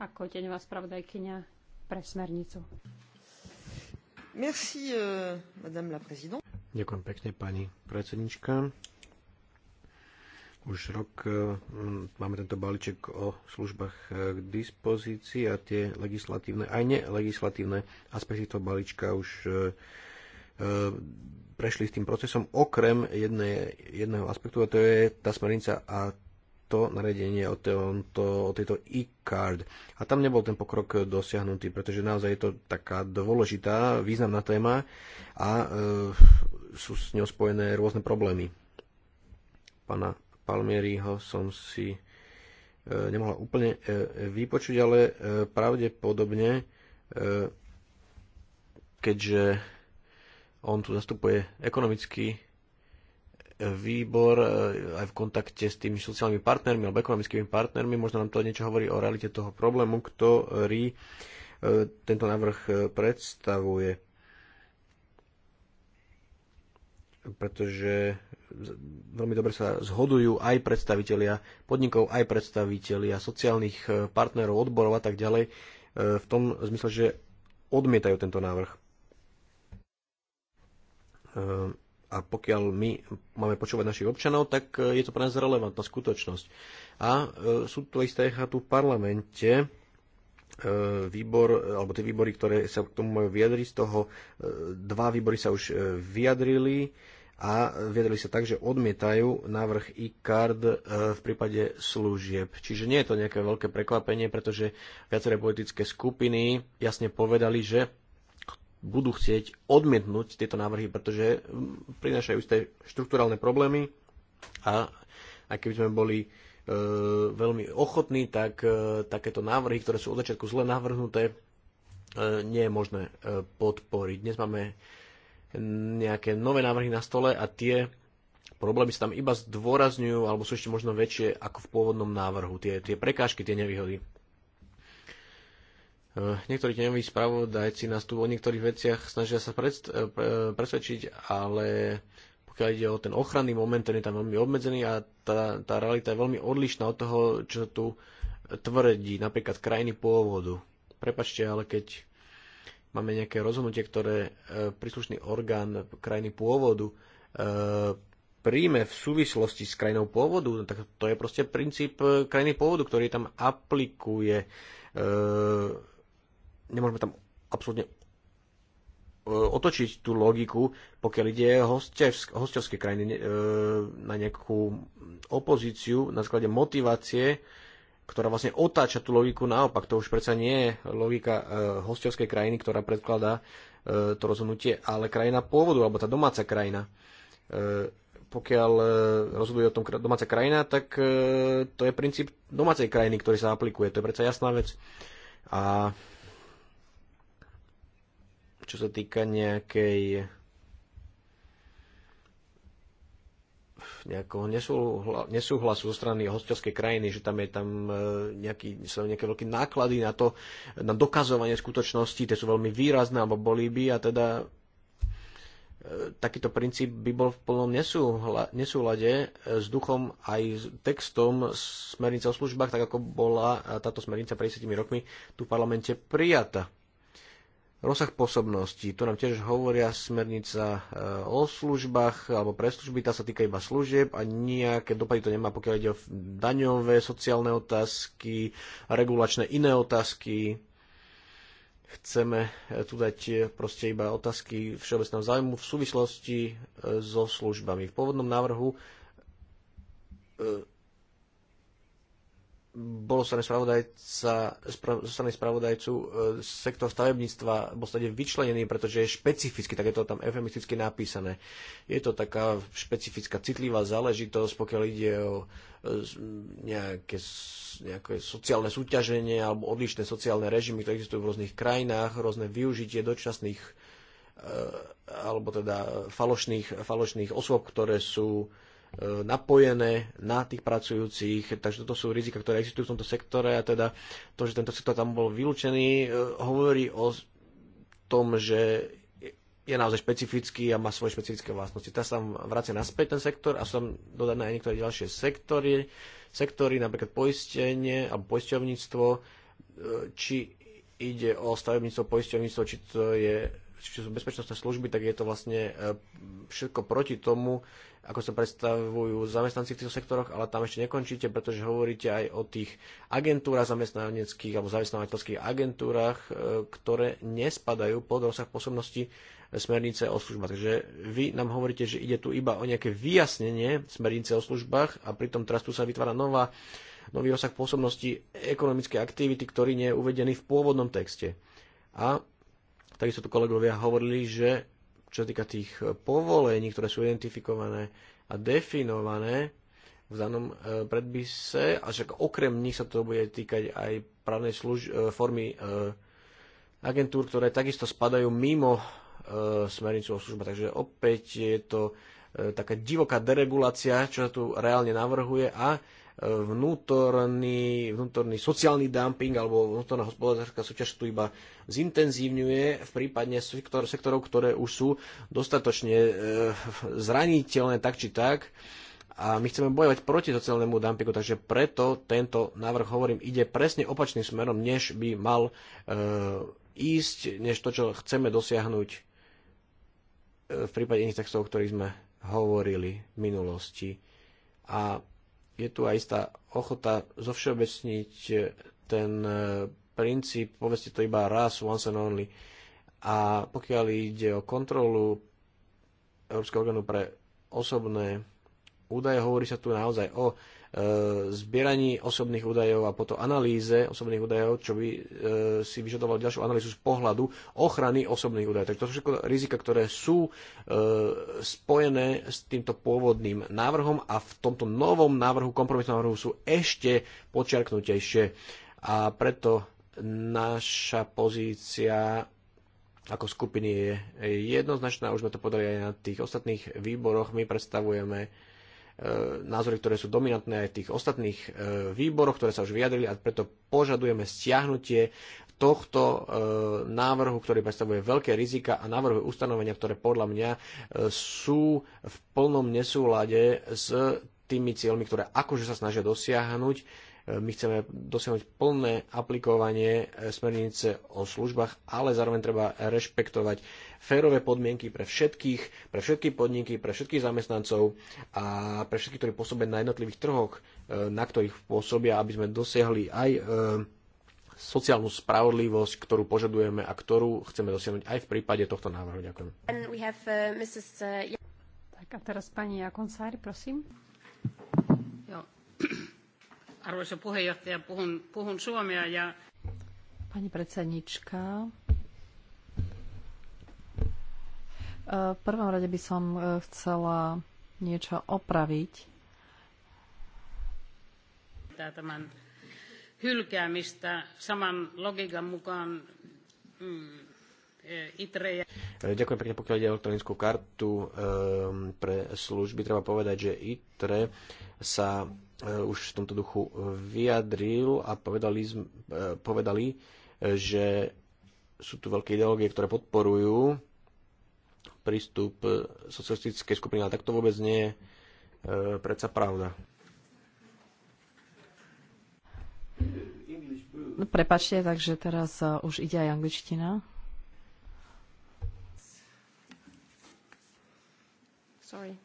ako deň vás spravodajkyňa pre smernicu. Merci, euh, madame la Ďakujem pekne, pani predsednička. Už rok e, máme tento balíček o službách e, k dispozícii a tie legislatívne aj nelegislatívne aspekty toho balíčka už e, prešli s tým procesom okrem jedne, jedného aspektu a to je tá smernica a to nariadenie o, tomto, o tejto e-card. A tam nebol ten pokrok dosiahnutý, pretože naozaj je to taká dôležitá, významná téma a e, sú s ňou spojené rôzne problémy. Pána Palmieriho som si e, nemohla úplne e, vypočuť, ale e, pravdepodobne, keďže on tu zastupuje ekonomický výbor aj v kontakte s tými sociálnymi partnermi alebo ekonomickými partnermi. Možno nám to niečo hovorí o realite toho problému, ktorý tento návrh predstavuje. Pretože veľmi dobre sa zhodujú aj predstavitelia podnikov, aj predstavitelia sociálnych e, partnerov, odborov a tak ďalej e, v tom zmysle, že odmietajú tento návrh. E, a pokiaľ my máme počúvať našich občanov, tak je to pre nás relevantná skutočnosť. A sú tu isté tu v parlamente, výbor, alebo tie výbory, ktoré sa k tomu majú vyjadriť, z toho dva výbory sa už vyjadrili, a viedli sa tak, že odmietajú návrh e-card e, v prípade služieb. Čiže nie je to nejaké veľké prekvapenie, pretože viaceré politické skupiny jasne povedali, že budú chcieť odmietnúť tieto návrhy, pretože prinášajú isté štruktúralne problémy a aj keby sme boli e, veľmi ochotní, tak e, takéto návrhy, ktoré sú od začiatku zle navrhnuté, e, nie je možné e, podporiť. Dnes máme nejaké nové návrhy na stole a tie problémy sa tam iba zdôrazňujú alebo sú ešte možno väčšie ako v pôvodnom návrhu, tie, tie prekážky, tie nevýhody. Eh, niektorí nevýhody spravodajci nás tu o niektorých veciach snažia sa eh, eh, presvedčiť, ale pokiaľ ide o ten ochranný moment, ten je tam veľmi obmedzený a tá, tá realita je veľmi odlišná od toho, čo tu tvrdí napríklad krajiny pôvodu. Prepačte, ale keď máme nejaké rozhodnutie, ktoré e, príslušný orgán krajiny pôvodu e, príjme v súvislosti s krajinou pôvodu, no tak to je proste princíp e, krajiny pôvodu, ktorý tam aplikuje. Nemôžeme tam absolútne otočiť tú logiku, pokiaľ ide hostovské krajiny na nejakú opozíciu na základe motivácie ktorá vlastne otáča tú logiku naopak. To už predsa nie je logika uh, hostovskej krajiny, ktorá predkladá uh, to rozhodnutie, ale krajina pôvodu, alebo tá domáca krajina. Uh, pokiaľ uh, rozhoduje o tom domáca krajina, tak uh, to je princíp domácej krajiny, ktorý sa aplikuje. To je predsa jasná vec. A čo sa týka nejakej nejakého nesúhla, nesúhlasu zo strany hostovskej krajiny, že tam je tam e, nejaký, sú nejaké veľké náklady na to, na dokazovanie skutočnosti, tie sú veľmi výrazné, alebo boli by a teda e, takýto princíp by bol v plnom nesúhla, nesúlade e, s duchom aj s textom smernice o službách, tak ako bola táto smernica pred 10 rokmi tu v parlamente prijata. Rozsah pôsobnosti, tu nám tiež hovoria smernica eh, o službách alebo pre služby, tá sa týka iba služieb a nejaké dopady to nemá, pokiaľ ide o daňové, sociálne otázky, regulačné iné otázky. Chceme eh, tu dať eh, proste iba otázky všeobecného zájmu v súvislosti so službami. V pôvodnom návrhu bolo strany spravodajca, strany spravodajcu e, sektor stavebníctva bol stade vyčlenený, pretože je špecificky, tak je to tam efemisticky napísané. Je to taká špecifická citlivá záležitosť, pokiaľ ide o e, nejaké, nejaké sociálne súťaženie alebo odlišné sociálne režimy, ktoré existujú v rôznych krajinách, rôzne využitie dočasných e, alebo teda falošných, falošných osôb, ktoré sú E, napojené na tých pracujúcich. Takže toto sú rizika, ktoré existujú v tomto sektore a teda to, že tento sektor tam bol vylúčený, e, hovorí o tom, že je naozaj špecifický a má svoje špecifické vlastnosti. Teraz sa vracia naspäť ten sektor a sú tam dodané aj niektoré ďalšie sektory, sektory napríklad poistenie alebo poisťovníctvo, e, či ide o stavebníctvo, poisťovníctvo, či to je čo sú bezpečnostné služby, tak je to vlastne e, všetko proti tomu, ako sa predstavujú zamestnanci v týchto sektoroch, ale tam ešte nekončíte, pretože hovoríte aj o tých agentúrach zamestnaneckých alebo zamestnávateľských agentúrach, e, ktoré nespadajú pod rozsah posobnosti smernice o službách. Takže vy nám hovoríte, že ide tu iba o nejaké vyjasnenie smernice o službách a pritom teraz tu sa vytvára nová, nový rozsah pôsobnosti ekonomickej aktivity, ktorý nie je uvedený v pôvodnom texte. A Takisto tu kolegovia hovorili, že čo sa týka tých povolení, ktoré sú identifikované a definované v danom e, predpise, a však okrem nich sa to bude týkať aj právnej služ- e, formy e, agentúr, ktoré takisto spadajú mimo smernicu o služba. Takže opäť je to taká divoká deregulácia, čo sa tu reálne navrhuje a vnútorný, vnútorný sociálny dumping alebo vnútorná hospodárska súťaž tu iba zintenzívňuje v prípadne sektor, sektorov, ktoré už sú dostatočne e, zraniteľné tak či tak. A my chceme bojovať proti sociálnemu dumpingu, takže preto tento návrh, hovorím, ide presne opačným smerom, než by mal e, ísť, než to, čo chceme dosiahnuť e, v prípade iných textov, o ktorých sme hovorili v minulosti. A je tu aj istá ochota zovšeobecniť eh, ten eh, princíp, povedzte to iba raz, once and only. A pokiaľ ide o kontrolu Európskeho orgánu pre osobné údaje, hovorí sa tu naozaj o E, zbieraní osobných údajov a potom analýze osobných údajov, čo by e, si vyžadovalo ďalšiu analýzu z pohľadu ochrany osobných údajov. Tak to sú všetko rizika, ktoré sú e, spojené s týmto pôvodným návrhom a v tomto novom návrhu, kompromisnom návrhu sú ešte počiarknutejšie. A preto naša pozícia ako skupiny je jednoznačná, už sme to podali aj na tých ostatných výboroch. My predstavujeme E, názory, ktoré sú dominantné aj v tých ostatných e, výboroch, ktoré sa už vyjadrili a preto požadujeme stiahnutie tohto e, návrhu, ktorý predstavuje veľké rizika a návrhu ustanovenia, ktoré podľa mňa sú v plnom nesúlade s tými cieľmi, ktoré akože sa snažia dosiahnuť my chceme dosiahnuť plné aplikovanie e, smernice o službách, ale zároveň treba rešpektovať férové podmienky pre všetkých, pre všetky podniky, pre všetkých zamestnancov a pre všetkých, ktorí pôsobia na jednotlivých trhoch, e, na ktorých pôsobia, aby sme dosiahli aj e, sociálnu spravodlivosť, ktorú požadujeme a ktorú chceme dosiahnuť aj v prípade tohto návrhu. Ďakujem. Uh, tak a teraz pani Jakonsári, prosím. Jo. Arvoisa puheenjohtaja, puhun, puhun suomea ja... Pani predsednička, e, v prvom rade by som e, chcela niečo opraviť. Tämän hylkäämistä saman logiikan mukaan mm, E, ďakujem pekne, pokiaľ ide elektronickú kartu e, pre služby. Treba povedať, že ITRE sa e, už v tomto duchu vyjadril a povedali, povedali že sú tu veľké ideológie, ktoré podporujú prístup socialistickej skupiny, ale tak to vôbec nie je predsa pravda. No, prepačte, takže teraz už ide aj angličtina. Sorry.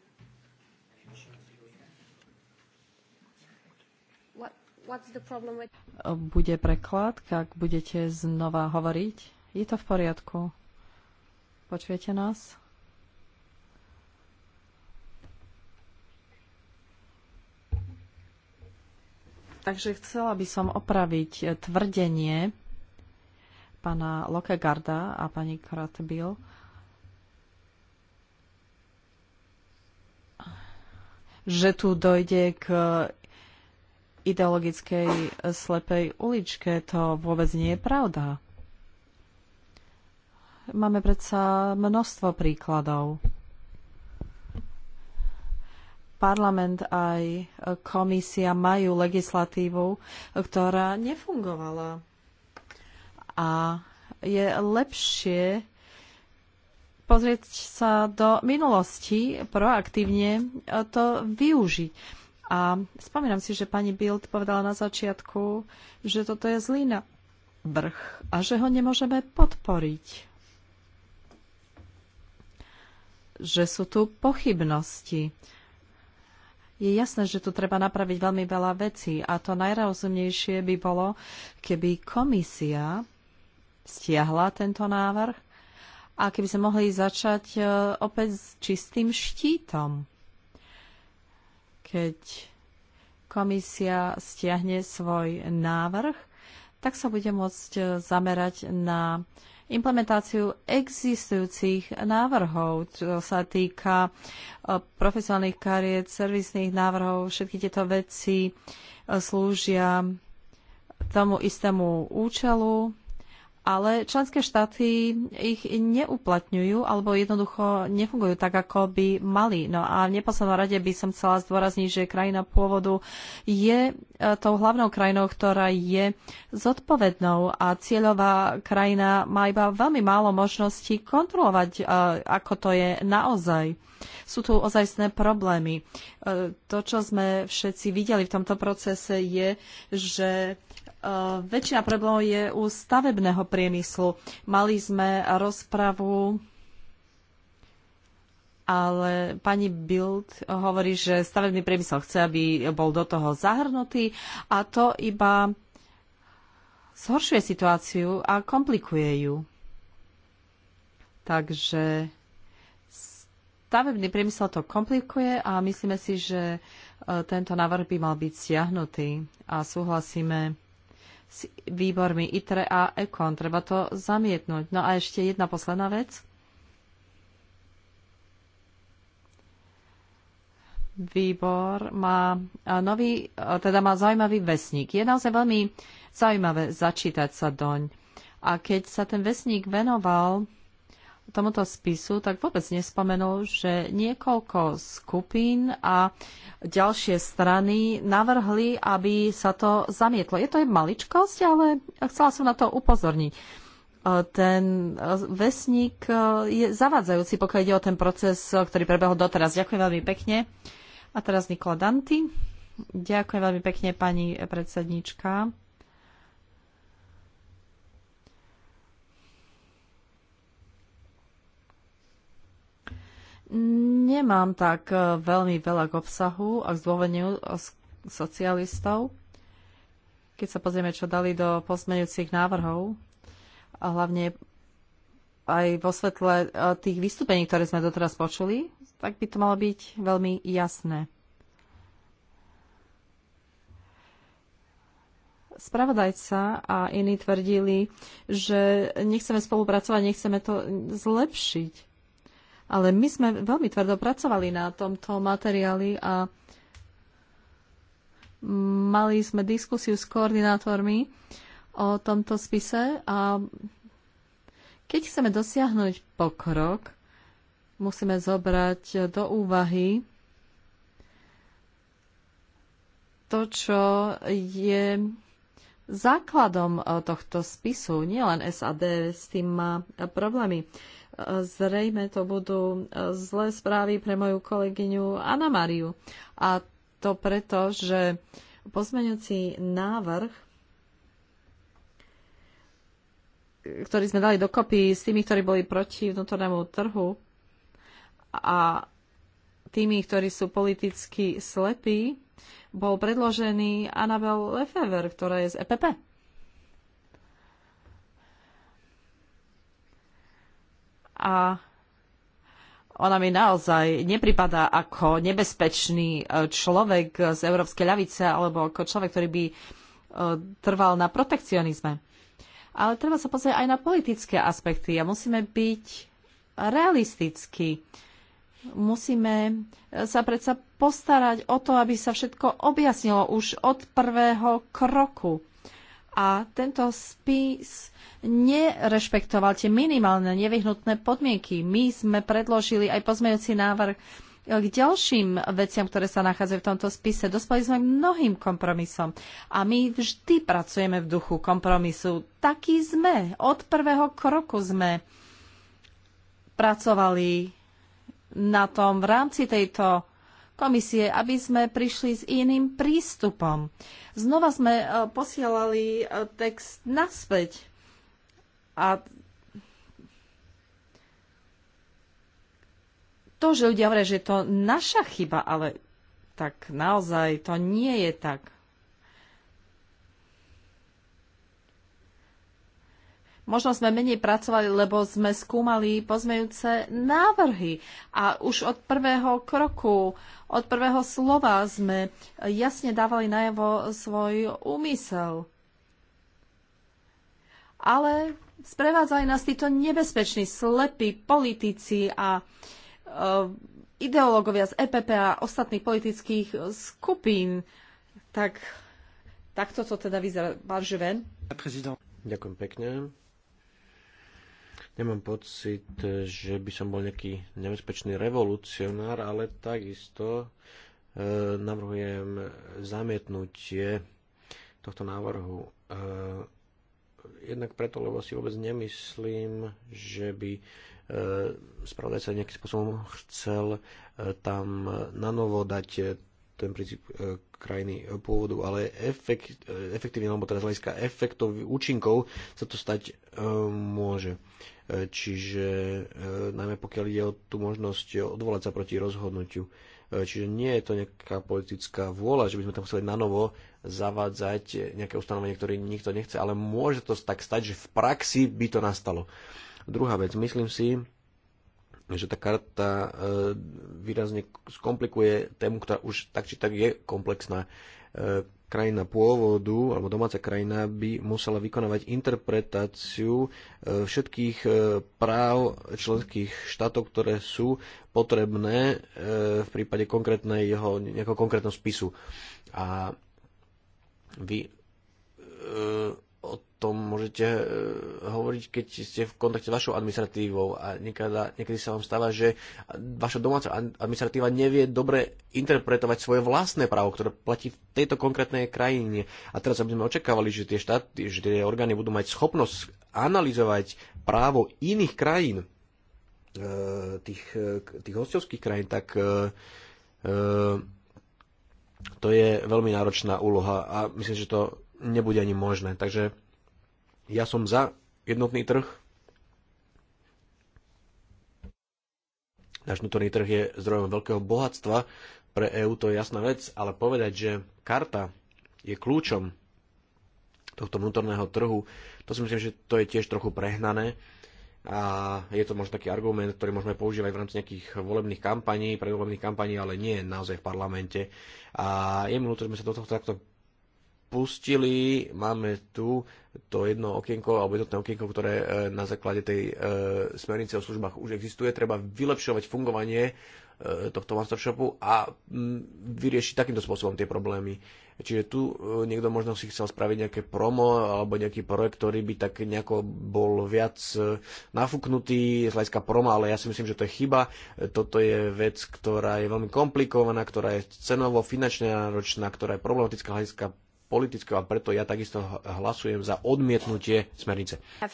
What, what's the problem with... Bude preklad, ak budete znova hovoriť. Je to v poriadku. Počujete nás? Takže chcela by som opraviť tvrdenie pána Lokegarda a pani Kratbil že tu dojde k e, ideologickej e, slepej uličke. To vôbec nie je pravda. Máme predsa množstvo príkladov. Parlament aj komisia majú legislatívu, ktorá nefungovala. A je lepšie pozrieť sa do minulosti, proaktívne e, to využiť. A spomínam si, že pani Bild povedala na začiatku, že toto je zlý vrch a že ho nemôžeme podporiť. Že sú tu pochybnosti. Je jasné, že tu treba napraviť veľmi veľa vecí a to najrozumnejšie by bolo, keby komisia stiahla tento návrh a keby sme mohli začať e, opäť s čistým štítom. Keď komisia stiahne svoj návrh, tak sa bude môcť e, zamerať na implementáciu existujúcich návrhov, čo sa týka e, profesionálnych kariet, servisných návrhov, všetky tieto veci slúžia tomu istému účelu, ale členské štáty ich neuplatňujú alebo jednoducho nefungujú tak, ako by mali. No a v neposlednom rade by som chcela zdôrazniť, že krajina pôvodu je e, tou hlavnou krajinou, ktorá je zodpovednou a cieľová krajina má iba veľmi málo možností kontrolovať, e, ako to je naozaj. Sú tu ozajstné problémy. E, to, čo sme všetci videli v tomto procese, je, že Eh, väčšina problémov je u stavebného priemyslu. Mali sme rozpravu ale pani Bild hovorí, že stavebný priemysel chce, aby bol do toho zahrnutý a to iba zhoršuje situáciu a komplikuje ju. Takže stavebný priemysel to komplikuje a myslíme si, že eh, tento návrh by mal byť stiahnutý a súhlasíme s výbormi ITRE a EKON. Treba to zamietnúť. No a ešte jedna posledná vec. Výbor má nový, teda má zaujímavý vesník. Je naozaj veľmi zaujímavé začítať sa doň. A keď sa ten vesník venoval tomuto spisu, tak vôbec nespomenul, že niekoľko skupín a ďalšie strany navrhli, aby sa to zamietlo. Je to aj maličkosť, ale chcela som na to upozorniť. E, ten e, vesník e, je zavádzajúci, pokiaľ ide o ten proces, ktorý prebehol doteraz. Ďakujem veľmi pekne. A teraz Nikola Danti. Ďakujem veľmi pekne, pani predsednička. Nemám tak e, veľmi veľa k obsahu a k zdôvodneniu e, socialistov. Keď sa pozrieme, čo dali do pozmeňujúcich návrhov, a hlavne aj vo svetle e, tých vystúpení, ktoré sme doteraz počuli, tak by to malo byť veľmi jasné. spravodajca a iní tvrdili, že nechceme spolupracovať, nechceme to zlepšiť. Ale my sme veľmi tvrdo pracovali na tomto materiáli a mali sme diskusiu s koordinátormi o tomto spise a keď chceme dosiahnuť pokrok, musíme zobrať do úvahy to, čo je základom eh, tohto spisu. Nielen SAD s tým má problémy. Zrejme to budú e, zlé správy pre moju kolegyňu Ana Mariu. A to preto, že pozmeňujúci návrh, ktorý sme dali dokopy s tými, ktorí boli proti vnútornému trhu a tými, ktorí sú politicky slepí, bol predložený Anabel Lefever, ktorá je z EPP. a ona mi naozaj nepripadá ako nebezpečný e, človek z európskej ľavice alebo ako človek, ktorý by e, trval na protekcionizme. Ale treba sa pozrieť aj na politické aspekty a musíme byť realistickí. Musíme e, sa predsa postarať o to, aby sa všetko objasnilo už od prvého kroku a tento spis nerešpektoval tie minimálne nevyhnutné podmienky. My sme predložili aj pozmejúci návrh k ďalším veciam, ktoré sa nachádzajú v tomto spise. Dospali sme mnohým kompromisom a my vždy pracujeme v duchu kompromisu. Taký sme. Od prvého kroku sme pracovali na tom v rámci tejto komisie, aby sme prišli s iným prístupom. Znova sme e, posielali e, text naspäť a to, že ľudia hovoria, že je to naša chyba, ale tak naozaj to nie je tak. Možno sme menej pracovali, lebo sme skúmali pozmejúce návrhy a už od prvého kroku, od prvého slova sme jasne dávali najavo svoj úmysel. Ale sprevádzali nás títo nebezpeční, slepí politici a e, ideológovia z EPP a ostatných politických skupín. Tak, takto to teda vyzerá. Pán Živen. Ďakujem pekne. Nemám pocit, že by som bol nejaký nebezpečný revolucionár, ale takisto e, navrhujem zamietnutie tohto návrhu. E, jednak preto, lebo si vôbec nemyslím, že by e, spravodajca nejakým spôsobom chcel e, tam nanovo dať e, ten princíp e, krajiny e, pôvodu, ale efekt, e, efektívne, alebo teraz hľadiska efektov, účinkov sa to stať e, môže. E, čiže e, najmä pokiaľ ide o tú možnosť odvolať sa proti rozhodnutiu. E, čiže nie je to nejaká politická vôľa, že by sme tam chceli na novo zavádzať nejaké ustanovenie, ktoré nikto nechce, ale môže to tak stať, že v praxi by to nastalo. Druhá vec, myslím si, že tá karta eh, výrazne skomplikuje tému, ktorá už tak či tak je komplexná. Eh, krajina pôvodu alebo domáca krajina by musela vykonávať interpretáciu eh, všetkých práv členských štátov, ktoré sú potrebné v prípade konkrétneho, nejakého konkrétneho spisu. A vy o tom môžete e, hovoriť, keď ste v kontakte s vašou administratívou a niekada, niekedy sa vám stáva, že vaša domáca administratíva nevie dobre interpretovať svoje vlastné právo, ktoré platí v tejto konkrétnej krajine. A teraz, aby sme očakávali, že tie štáty, že tie orgány budú mať schopnosť analyzovať právo iných krajín, e, tých, e, tých hostovských krajín, tak to je veľmi náročná úloha a myslím, že to nebude ani možné. Takže ja som za jednotný trh. Náš vnútorný trh je zdrojom veľkého bohatstva. Pre EÚ to je jasná vec, ale povedať, že karta je kľúčom tohto vnútorného trhu, to si myslím, že to je tiež trochu prehnané. A je to možno taký argument, ktorý môžeme používať v rámci nejakých volebných kampaní, predvolebných kampaní, ale nie naozaj v parlamente. A je mi ľúto, že sme sa do tohto takto pustili. Máme tu to jedno okienko alebo jednotné okienko, ktoré e, na základe tej e, smernice o službách už existuje. Treba vylepšovať fungovanie e, tohto Master shopu a vyriešiť takýmto spôsobom tie problémy. Čiže tu niekto možno si chcel spraviť nejaké promo alebo nejaký projekt, ktorý by tak nejako bol viac nafúknutý z hľadiska promo, ale ja si myslím, že to je chyba. toto je vec, ktorá je veľmi komplikovaná, ktorá je cenovo finančne náročná, ktorá je problematická hľadiska politického a preto ja takisto hlasujem za odmietnutie smernice. Uh,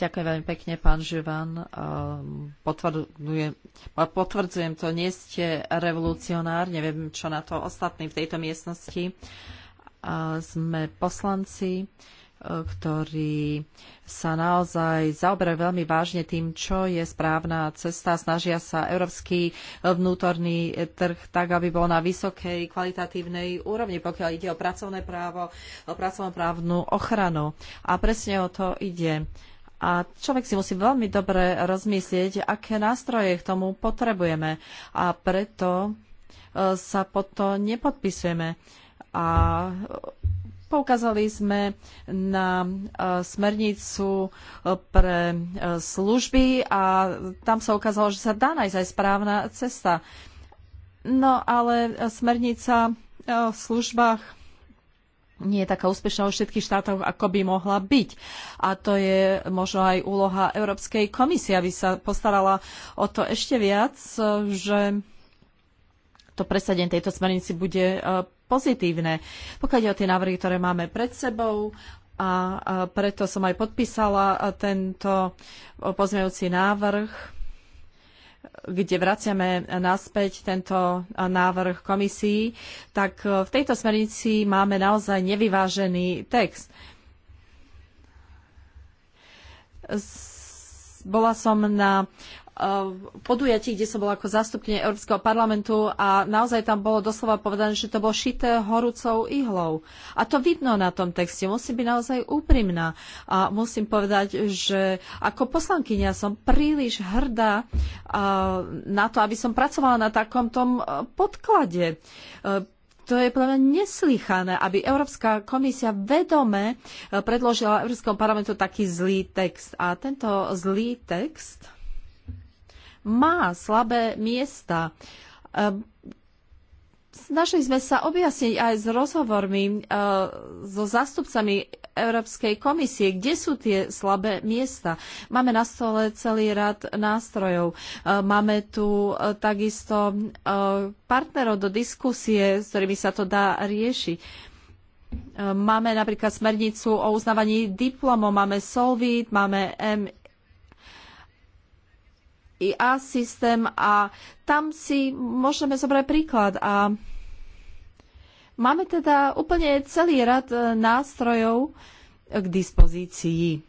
Ďakujem veľmi pekne, pán Živan. Um, potvrdzujem to, nie ste revolucionár, neviem, čo na to ostatní v tejto miestnosti. Sme poslanci ktorí sa naozaj zaoberajú veľmi vážne tým, čo je správna cesta. Snažia sa európsky vnútorný trh tak, aby bol na vysokej kvalitatívnej úrovni, pokiaľ ide o pracovné právo, o pracovnoprávnu ochranu. A presne o to ide. A človek si musí veľmi dobre rozmyslieť, aké nástroje k tomu potrebujeme. A preto e, sa pod to nepodpisujeme. A Poukázali sme na e, smernicu e, pre e, služby a tam sa ukázalo, že sa dá nájsť aj správna cesta. No ale smernica v službách nie je taká úspešná vo všetkých štátoch, ako by mohla byť. A to je možno aj úloha Európskej komisie, aby sa postarala o to ešte viac, že to presadenie tejto smernici bude pozitívne. Pokiaľ o tie návrhy, ktoré máme pred sebou, a preto som aj podpísala tento pozmejúci návrh, kde vraciame naspäť tento návrh komisii, tak e, v tejto smernici máme naozaj nevyvážený text. Bola som na Eh, podujatí, kde som bola ako zástupkynia Európskeho parlamentu a naozaj tam bolo doslova povedané, že to bolo šité horúcou ihlou. A to vidno na tom texte. Musím byť naozaj úprimná. A musím povedať, že ako poslankyňa som príliš hrdá eh, na to, aby som pracovala na takom tom eh, podklade to je podľa mňa neslychané, aby Európska komisia vedome predložila Európskom parlamentu taký zlý text. A tento zlý text má slabé miesta. Ehm, snažili sme sa objasniť aj s rozhovormi ehm, so zástupcami Európskej komisie, kde sú tie slabé miesta. Máme na stole celý rad nástrojov. Ehm, máme tu e, takisto e, partnerov do diskusie, s ktorými sa to dá riešiť. Máme napríklad smernicu o uznávaní diplomov, máme Solvit, máme IA e systém a tam si môžeme zobrať príklad. A máme teda úplne celý rad e, nástrojov k dispozícii.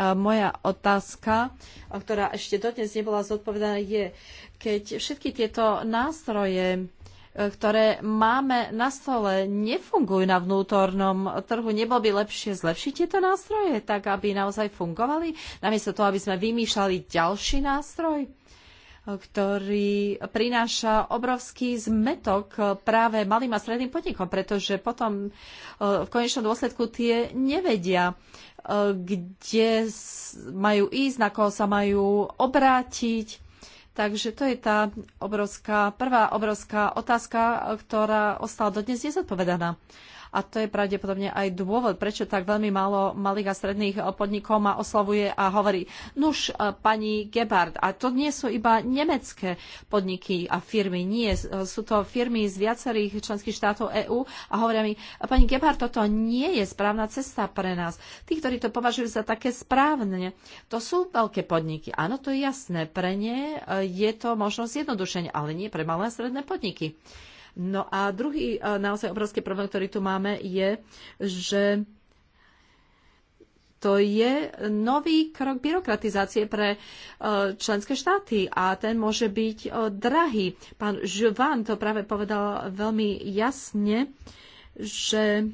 A e, moja otázka, ktorá ešte dodnes nebola zodpovedaná, je, keď všetky tieto nástroje ktoré máme na stole, nefungujú na vnútornom trhu. Nebol by lepšie zlepšiť tieto nástroje tak, aby naozaj fungovali, namiesto toho, aby sme vymýšľali ďalší nástroj? ktorý prináša obrovský zmetok práve malým a stredným podnikom, pretože potom e, v konečnom dôsledku tie nevedia, e, kde majú ísť, na koho sa majú obrátiť, Takže to je tá obrovská, prvá obrovská otázka, ktorá ostala dodnes nezodpovedaná. A to je pravdepodobne aj dôvod, prečo tak veľmi málo malých a stredných podnikov ma oslavuje a hovorí, nuž, e, pani Gebhardt, a to nie sú iba nemecké podniky a firmy, nie, e, sú to firmy z viacerých členských štátov EÚ a hovoria mi, pani Gebhardt, toto nie je správna cesta pre nás. Tí, ktorí to považujú za také správne, to sú veľké podniky. Áno, to je jasné, pre ne e, je to možnosť zjednodušenia, ale nie pre malé a stredné podniky. No a druhý e, naozaj obrovský problém, ktorý tu máme, je, že to je nový krok byrokratizácie pre e, členské štáty a ten môže byť e, drahý. Pán Žuvan to práve povedal veľmi jasne, že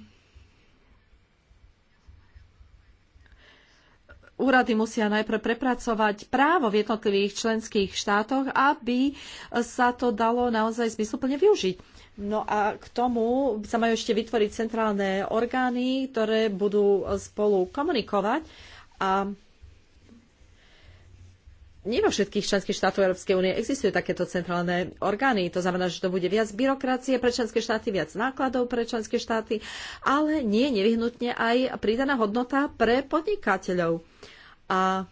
úrady musia najprv prepracovať právo v jednotlivých členských štátoch, aby sa to dalo naozaj zmysluplne využiť. No a k tomu sa majú ešte vytvoriť centrálne orgány, ktoré budú spolu komunikovať a nie vo všetkých členských štátoch Európskej únie existujú takéto centrálne orgány. To znamená, že to bude viac byrokracie pre členské štáty, viac nákladov pre členské štáty, ale nie je nevyhnutne aj pridaná hodnota pre podnikateľov. A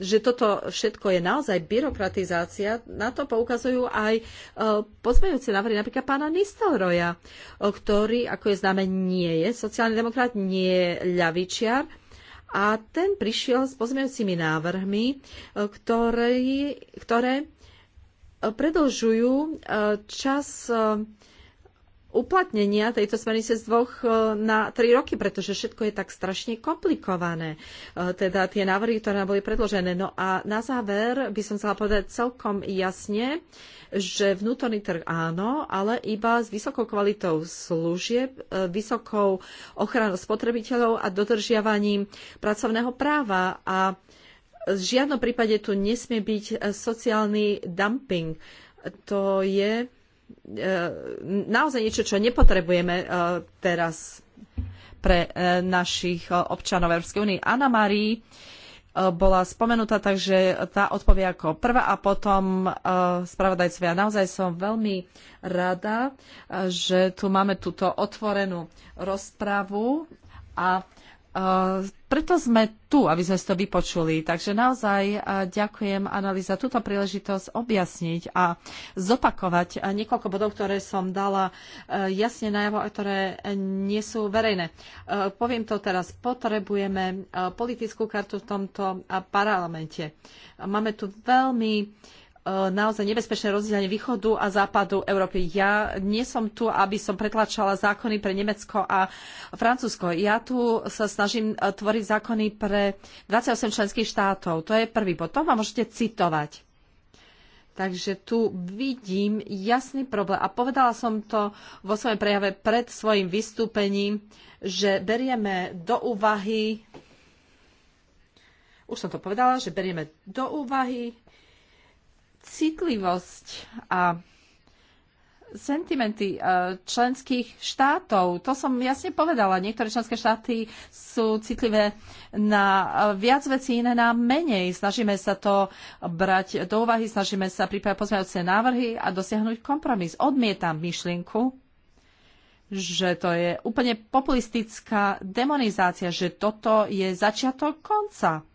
že toto všetko je naozaj byrokratizácia, na to poukazujú aj e, pozmejúce návrhy napríklad pána Nistelroja, e, ktorý, ako je známe, nie je sociálny demokrat, nie je ľavičiar, a ten prišiel s pozmeňujúcimi návrhmi, e, ktoré, ktoré e, predlžujú e, čas uplatnenia tejto smernice z dvoch e, na tri roky, pretože všetko je tak strašne komplikované. E, teda tie návrhy, ktoré nám boli predložené. No a na záver by som chcela povedať celkom jasne, že vnútorný trh áno, ale iba s vysokou kvalitou služieb, e, vysokou ochranou spotrebiteľov a dodržiavaním pracovného práva. A v žiadnom prípade tu nesmie byť sociálny dumping. To je E, naozaj niečo, čo nepotrebujeme e, teraz pre e, našich občanov Európskej únie. Anna Marie bola spomenutá, takže tá odpovie ako prvá a potom spravodajcovia. Naozaj som veľmi rada, že tu máme túto otvorenú rozpravu a Eh, preto sme tu, aby sme si to vypočuli. Takže naozaj eh, ďakujem, Anali, za túto príležitosť objasniť a zopakovať eh, niekoľko bodov, ktoré som dala jasne najavo a ktoré nie sú verejné. Poviem to teraz. Potrebujeme politickú kartu v tomto parlamente. Máme tu veľmi naozaj nebezpečné rozdielanie východu a západu Európy. Ja nie som tu, aby som pretlačala zákony pre Nemecko a Francúzsko. Ja tu sa snažím e, tvoriť zákony pre 28 členských štátov. To je prvý bod. To vám môžete citovať. Takže tu vidím jasný problém. A povedala som to vo svojom prejave pred svojim vystúpením, že berieme do úvahy, už som to povedala, že berieme do úvahy citlivosť a sentimenty eh, členských štátov. To som jasne povedala. Niektoré členské štáty sú citlivé na eh, viac vecí, iné na menej. Snažíme sa to brať do úvahy, snažíme sa pripravať pozmeňujúce návrhy a dosiahnuť kompromis. Odmietam myšlienku, že to je úplne populistická demonizácia, že toto je začiatok konca.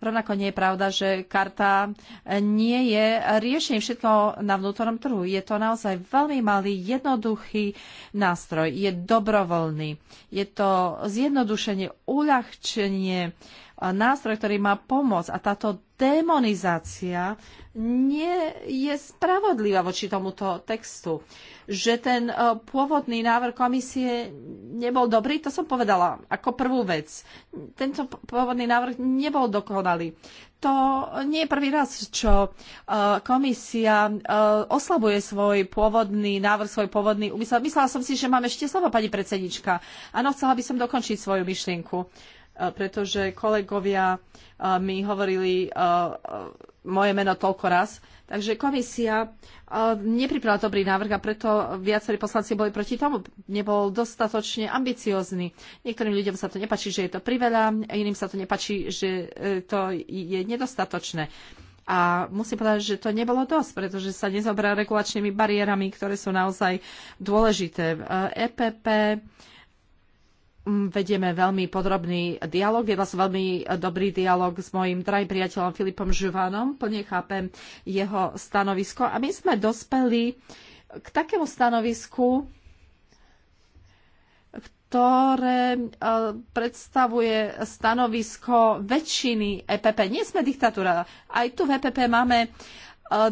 Rovnako nie je pravda, že karta nie je riešením všetko na vnútornom trhu. Je to naozaj veľmi malý, jednoduchý nástroj. Je dobrovoľný. Je to zjednodušenie, uľahčenie nástroj, ktorý má pomôcť. A táto demonizácia nie je spravodlivá voči tomuto textu. Že ten e, pôvodný návrh komisie nebol dobrý, to som povedala ako prvú vec. Tento pôvodný návrh nebol dokonalý. To nie je prvý raz, čo e, komisia e, oslabuje svoj pôvodný návrh, svoj pôvodný úmysel. Myslela som si, že mám ešte slovo, pani predsednička. Áno, chcela by som dokončiť svoju myšlienku Eh, pretože kolegovia eh, mi hovorili eh, moje meno toľko raz. Takže komisia nepripravila dobrý návrh a preto viacerí poslanci boli proti tomu. Nebol dostatočne ambiciózny. Niektorým ľuďom sa to nepačí, že je to priveľa, iným sa to nepačí, že to je nedostatočné. A musím povedať, že to nebolo dosť, pretože sa nezobrá regulačnými bariérami, ktoré sú naozaj dôležité. EPP e vedieme veľmi podrobný dialog. Viedla som veľmi dobrý dialog s mojim drahým priateľom Filipom Žuvanom. Plne chápem jeho stanovisko. A my sme dospeli k takému stanovisku, ktoré e, predstavuje stanovisko väčšiny EPP. Nie sme diktatúra. Aj tu v EPP máme e,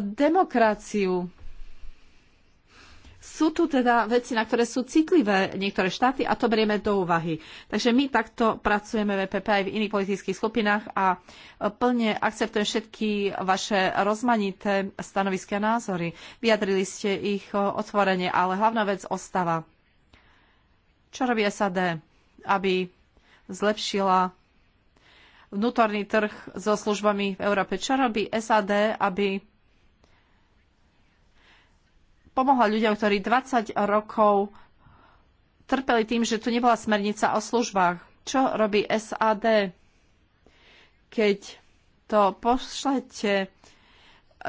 demokraciu. Sú tu teda veci, na ktoré sú citlivé niektoré štáty a to berieme do úvahy. Takže my takto pracujeme v EPP aj v iných politických skupinách a e, plne akceptujem všetky vaše rozmanité stanoviské názory. Vyjadrili ste ich e, otvorene, ale hlavná vec ostáva. Čo robí SAD, aby zlepšila vnútorný trh so službami v Európe? Čo robí SAD, aby pomohla ľuďom, ktorí 20 rokov trpeli tým, že tu nebola smernica o službách. Čo robí SAD? Keď to pošlete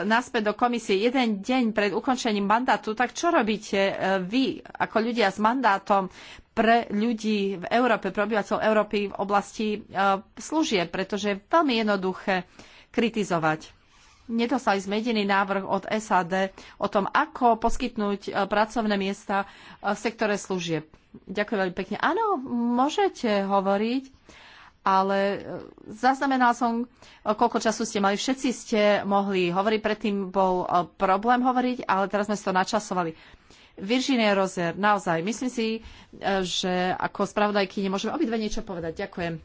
naspäť do komisie jeden deň pred ukončením mandátu, tak čo robíte e, vy ako ľudia s mandátom pre ľudí v Európe, pre obyvateľov Európy v oblasti e, služie, Pretože je veľmi jednoduché kritizovať nedostali sme jediný návrh od SAD o tom, ako poskytnúť e, pracovné miesta e, v sektore služieb. Ďakujem veľmi pekne. Áno, môžete hovoriť, ale e, zaznamenal som, koľko času ste mali. Všetci ste mohli hovoriť, predtým bol problém hovoriť, ale teraz sme si to načasovali. Virginia Rozer, naozaj, myslím si, že ako spravodajky nemôžeme obidve niečo povedať. Ďakujem.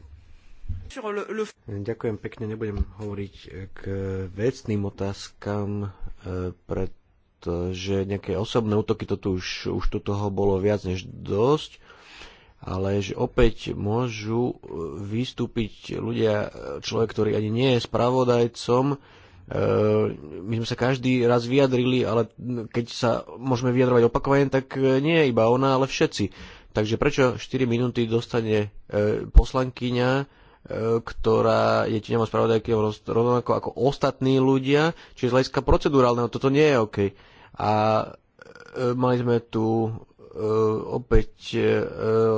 Ďakujem pekne, nebudem hovoriť k vecným otázkam, e, pretože nejaké osobné útoky, to tu už, už tu toho bolo viac než dosť, ale že opäť môžu e, vystúpiť ľudia, e, človek, ktorý ani nie je spravodajcom, my sme sa každý raz vyjadrili, ale keď sa môžeme vyjadrovať opakovane, tak nie iba ona, ale všetci. Takže prečo 4 minúty dostane poslankyňa, ktorá je nemá spravodajky rovnako ako ostatní ľudia, čiže z hľadiska procedurálneho toto nie je OK. A e, mali sme tu e, opäť e,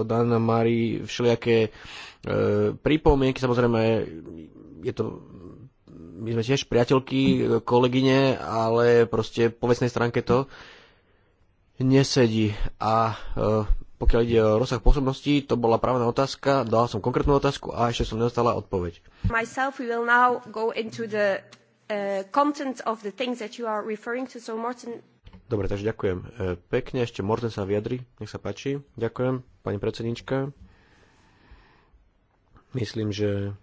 od Anna Mari všelijaké pripomienky, samozrejme je to my sme tiež priateľky, kolegyne, ale proste po vecnej stránke to nesedí. A pokiaľ ide o rozsah pôsobnosti, to bola právna otázka, dala som konkrétnu otázku a ešte som nedostala odpoveď. Myself, we will now go into the uh, content of the things that you are referring to. So Morten... Dobre, takže ďakujem e, pekne. Ešte Morten sa vyjadri, nech sa páči. Ďakujem, pani predsednička. Myslím, že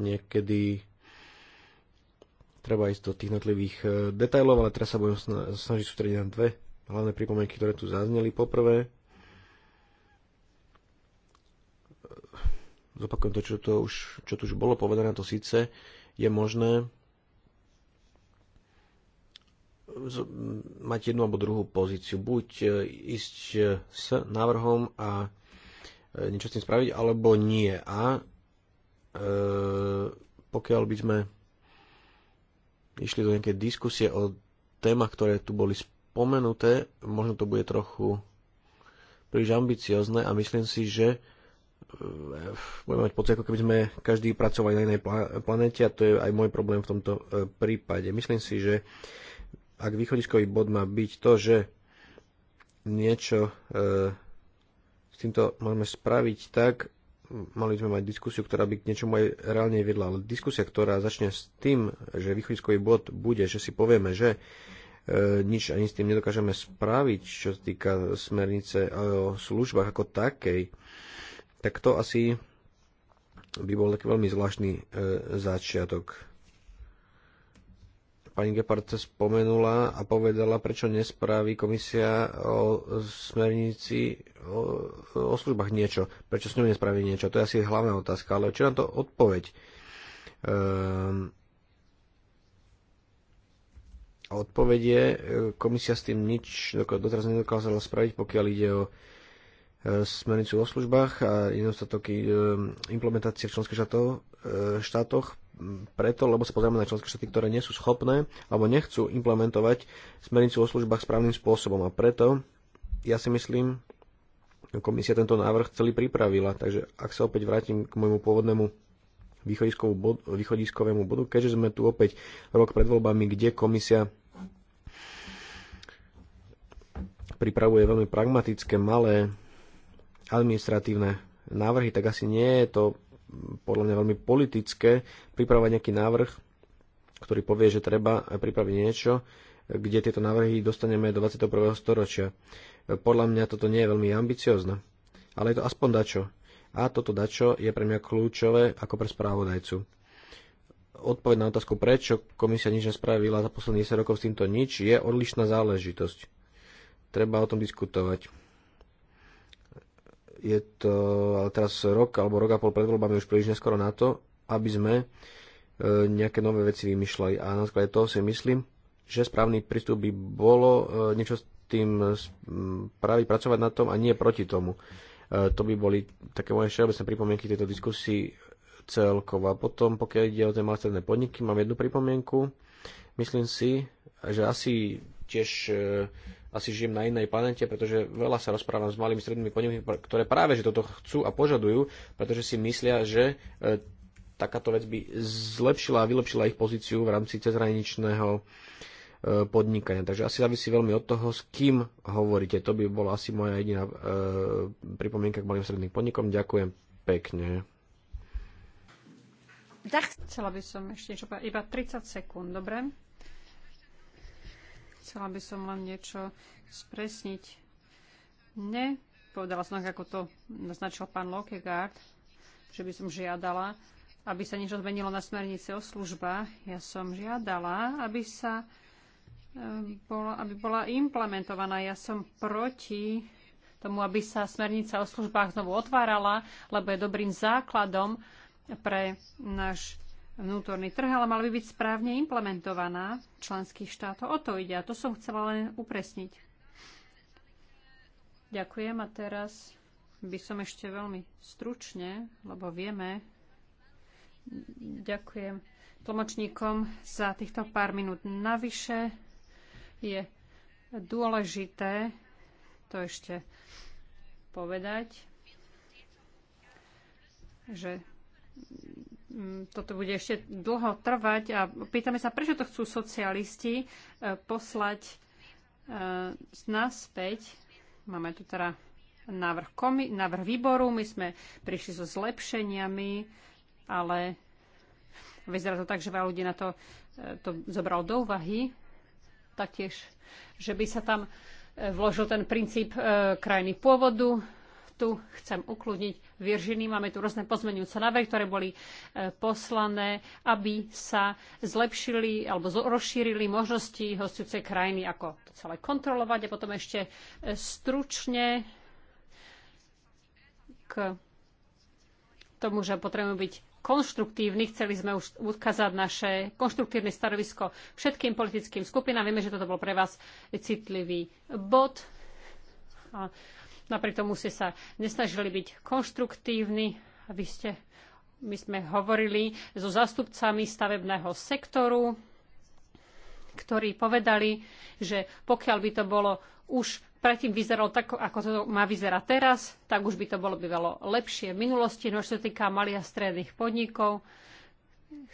niekedy treba ísť do tých notlivých e, detajlov, ale teraz sa budem snažiť sústrediť na dve hlavné pripomienky, ktoré tu zazneli. Poprvé, e, zopakujem to, čo, to už, čo tu už bolo povedané, to síce je možné e, mať jednu alebo druhú pozíciu. Buď ísť s návrhom a niečo s tým spraviť, alebo nie. A e, pokiaľ by sme išli do nejaké diskusie o témach, ktoré tu boli spomenuté. Možno to bude trochu príliš ambiciozne a myslím si, že e, budeme mať pocit, ako keby sme každý pracovali na inej planete a to je aj môj problém v tomto e, prípade. Myslím si, že ak východiskový bod má byť to, že niečo e, s týmto môžeme spraviť tak, mali sme mať diskusiu, ktorá by k niečomu aj reálne vedla. Ale diskusia, ktorá začne s tým, že východiskový bod bude, že si povieme, že e, nič ani s tým nedokážeme spraviť, čo sa týka smernice o službách ako takej, tak to asi by bol taký veľmi zvláštny e, začiatok pani Gepard spomenula a povedala, prečo nespraví komisia o smernici o, o službách niečo, prečo s ňou nespraví niečo. To je asi hlavná otázka, ale čo na to odpoveď? Ehm, odpoveď je, e, komisia s tým nič doteraz nedokázala spraviť, pokiaľ ide o e, smernicu o službách a jednostatok e, implementácie v členských štátoch, štátoch preto, lebo sa pozrieme na členské štáty, ktoré nie sú schopné alebo nechcú implementovať smernicu o službách správnym spôsobom. A preto ja si myslím, komisia tento návrh celý pripravila. Takže ak sa opäť vrátim k môjmu pôvodnému východiskovému bodu, keďže sme tu opäť rok pred voľbami, kde komisia pripravuje veľmi pragmatické, malé administratívne návrhy, tak asi nie je to podľa mňa veľmi politické pripravovať nejaký návrh, ktorý povie, že treba pripraviť niečo, kde tieto návrhy dostaneme do 21. storočia. Podľa mňa toto nie je veľmi ambiciozne, ale je to aspoň dačo. A toto dačo je pre mňa kľúčové ako pre správodajcu. Odpoveď na otázku, prečo komisia nič nespravila za posledných 10 rokov s týmto nič, je odlišná záležitosť. Treba o tom diskutovať je to ale teraz rok alebo rok a pol pred voľbami už príliš neskoro na to, aby sme e, nejaké nové veci vymýšľali. A na základe toho si myslím, že správny prístup by bolo e, niečo s tým spraviť, pracovať na tom a nie proti tomu. E, to by boli také moje všeobecné pripomienky tejto diskusii celkovo. A potom, pokiaľ ide o tie malé podniky, mám jednu pripomienku. Myslím si, že asi tiež asi žijem na inej planete, pretože veľa sa rozprávam s malými strednými podnikmi, ktoré práve že toto chcú a požadujú, pretože si myslia, že e, takáto vec by zlepšila a vylepšila ich pozíciu v rámci cezhraničného e, podnikania. Takže asi závisí veľmi od toho, s kým hovoríte. To by bola asi moja jediná e, pripomienka k malým stredným podnikom. Ďakujem pekne. Chcela by som ešte niečo povedať. Iba 30 sekúnd, dobre? Chcela by som len niečo spresniť. Ne, povedala som, ako to naznačil pán Lokegaard, že by som žiadala, aby sa niečo zmenilo na smernice o službách. Ja som žiadala, aby sa e, bola, aby bola implementovaná. Ja som proti tomu, aby sa smernica o službách znovu otvárala, lebo je dobrým základom pre náš vnútorný trh, ale mala by byť správne implementovaná členských štátov. O to ide a to som chcela len upresniť. Ďakujem a teraz by som ešte veľmi stručne, lebo vieme, ďakujem tlmočníkom za týchto pár minút. Navyše je dôležité to ešte povedať, že Mm, toto bude ešte dlho trvať a pýtame sa, prečo to chcú socialisti e, poslať e, naspäť. Máme tu teda návrh, komi- návrh výboru, my sme prišli so zlepšeniami, ale vyzerá to tak, že veľa ľudí na to, e, to zobralo do úvahy. Taktiež, že by sa tam vložil ten princíp krajiny pôvodu, tu chcem ukludniť Viržiny. Máme tu rôzne pozmenujúce návrhy, ktoré boli e, poslané, aby sa zlepšili alebo rozšírili možnosti hostujúcej krajiny, ako to celé kontrolovať. A potom ešte e, stručne k tomu, že potrebujeme byť konštruktívni. Chceli sme už ukázať naše konštruktívne stanovisko všetkým politickým skupinám. Vieme, že toto bol pre vás citlivý bod. A Napriek tomu ste sa nesnažili byť konštruktívni, aby ste, my sme hovorili so zastupcami stavebného sektoru, ktorí povedali, že pokiaľ by to bolo už predtým vyzeralo tak, ako to má vyzerať teraz, tak už by to bolo bývalo lepšie v minulosti. No čo sa týka malých a stredných podnikov,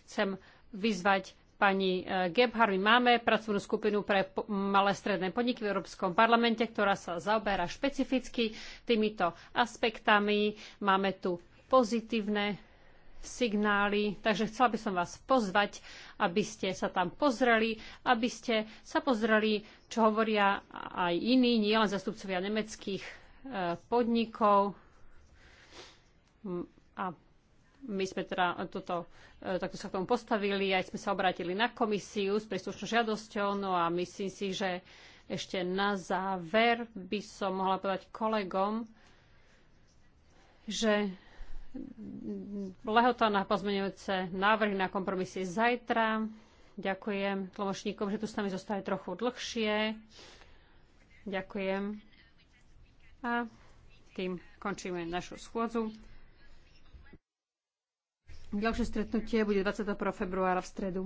chcem vyzvať pani eh, Gebhardt. My máme pracovnú skupinu pre malé stredné podniky v Európskom parlamente, ktorá sa zaoberá špecificky týmito aspektami. Máme tu pozitívne signály, takže chcela by som vás pozvať, aby ste sa tam pozreli, aby ste sa pozreli, čo hovoria aj iní, nielen zastupcovia nemeckých eh, podnikov a my sme teda toto, e, takto sa k tomu postavili, aj sme sa obrátili na komisiu s príslušnou žiadosťou, no a myslím si, že ešte na záver by som mohla povedať kolegom, že lehota na pozmeňujúce návrhy na kompromisy. zajtra. Ďakujem tlmočníkom, že tu s nami zostali trochu dlhšie. Ďakujem. A tým končíme našu schôdzu. Ďalšie stretnutie bude 21. februára v stredu.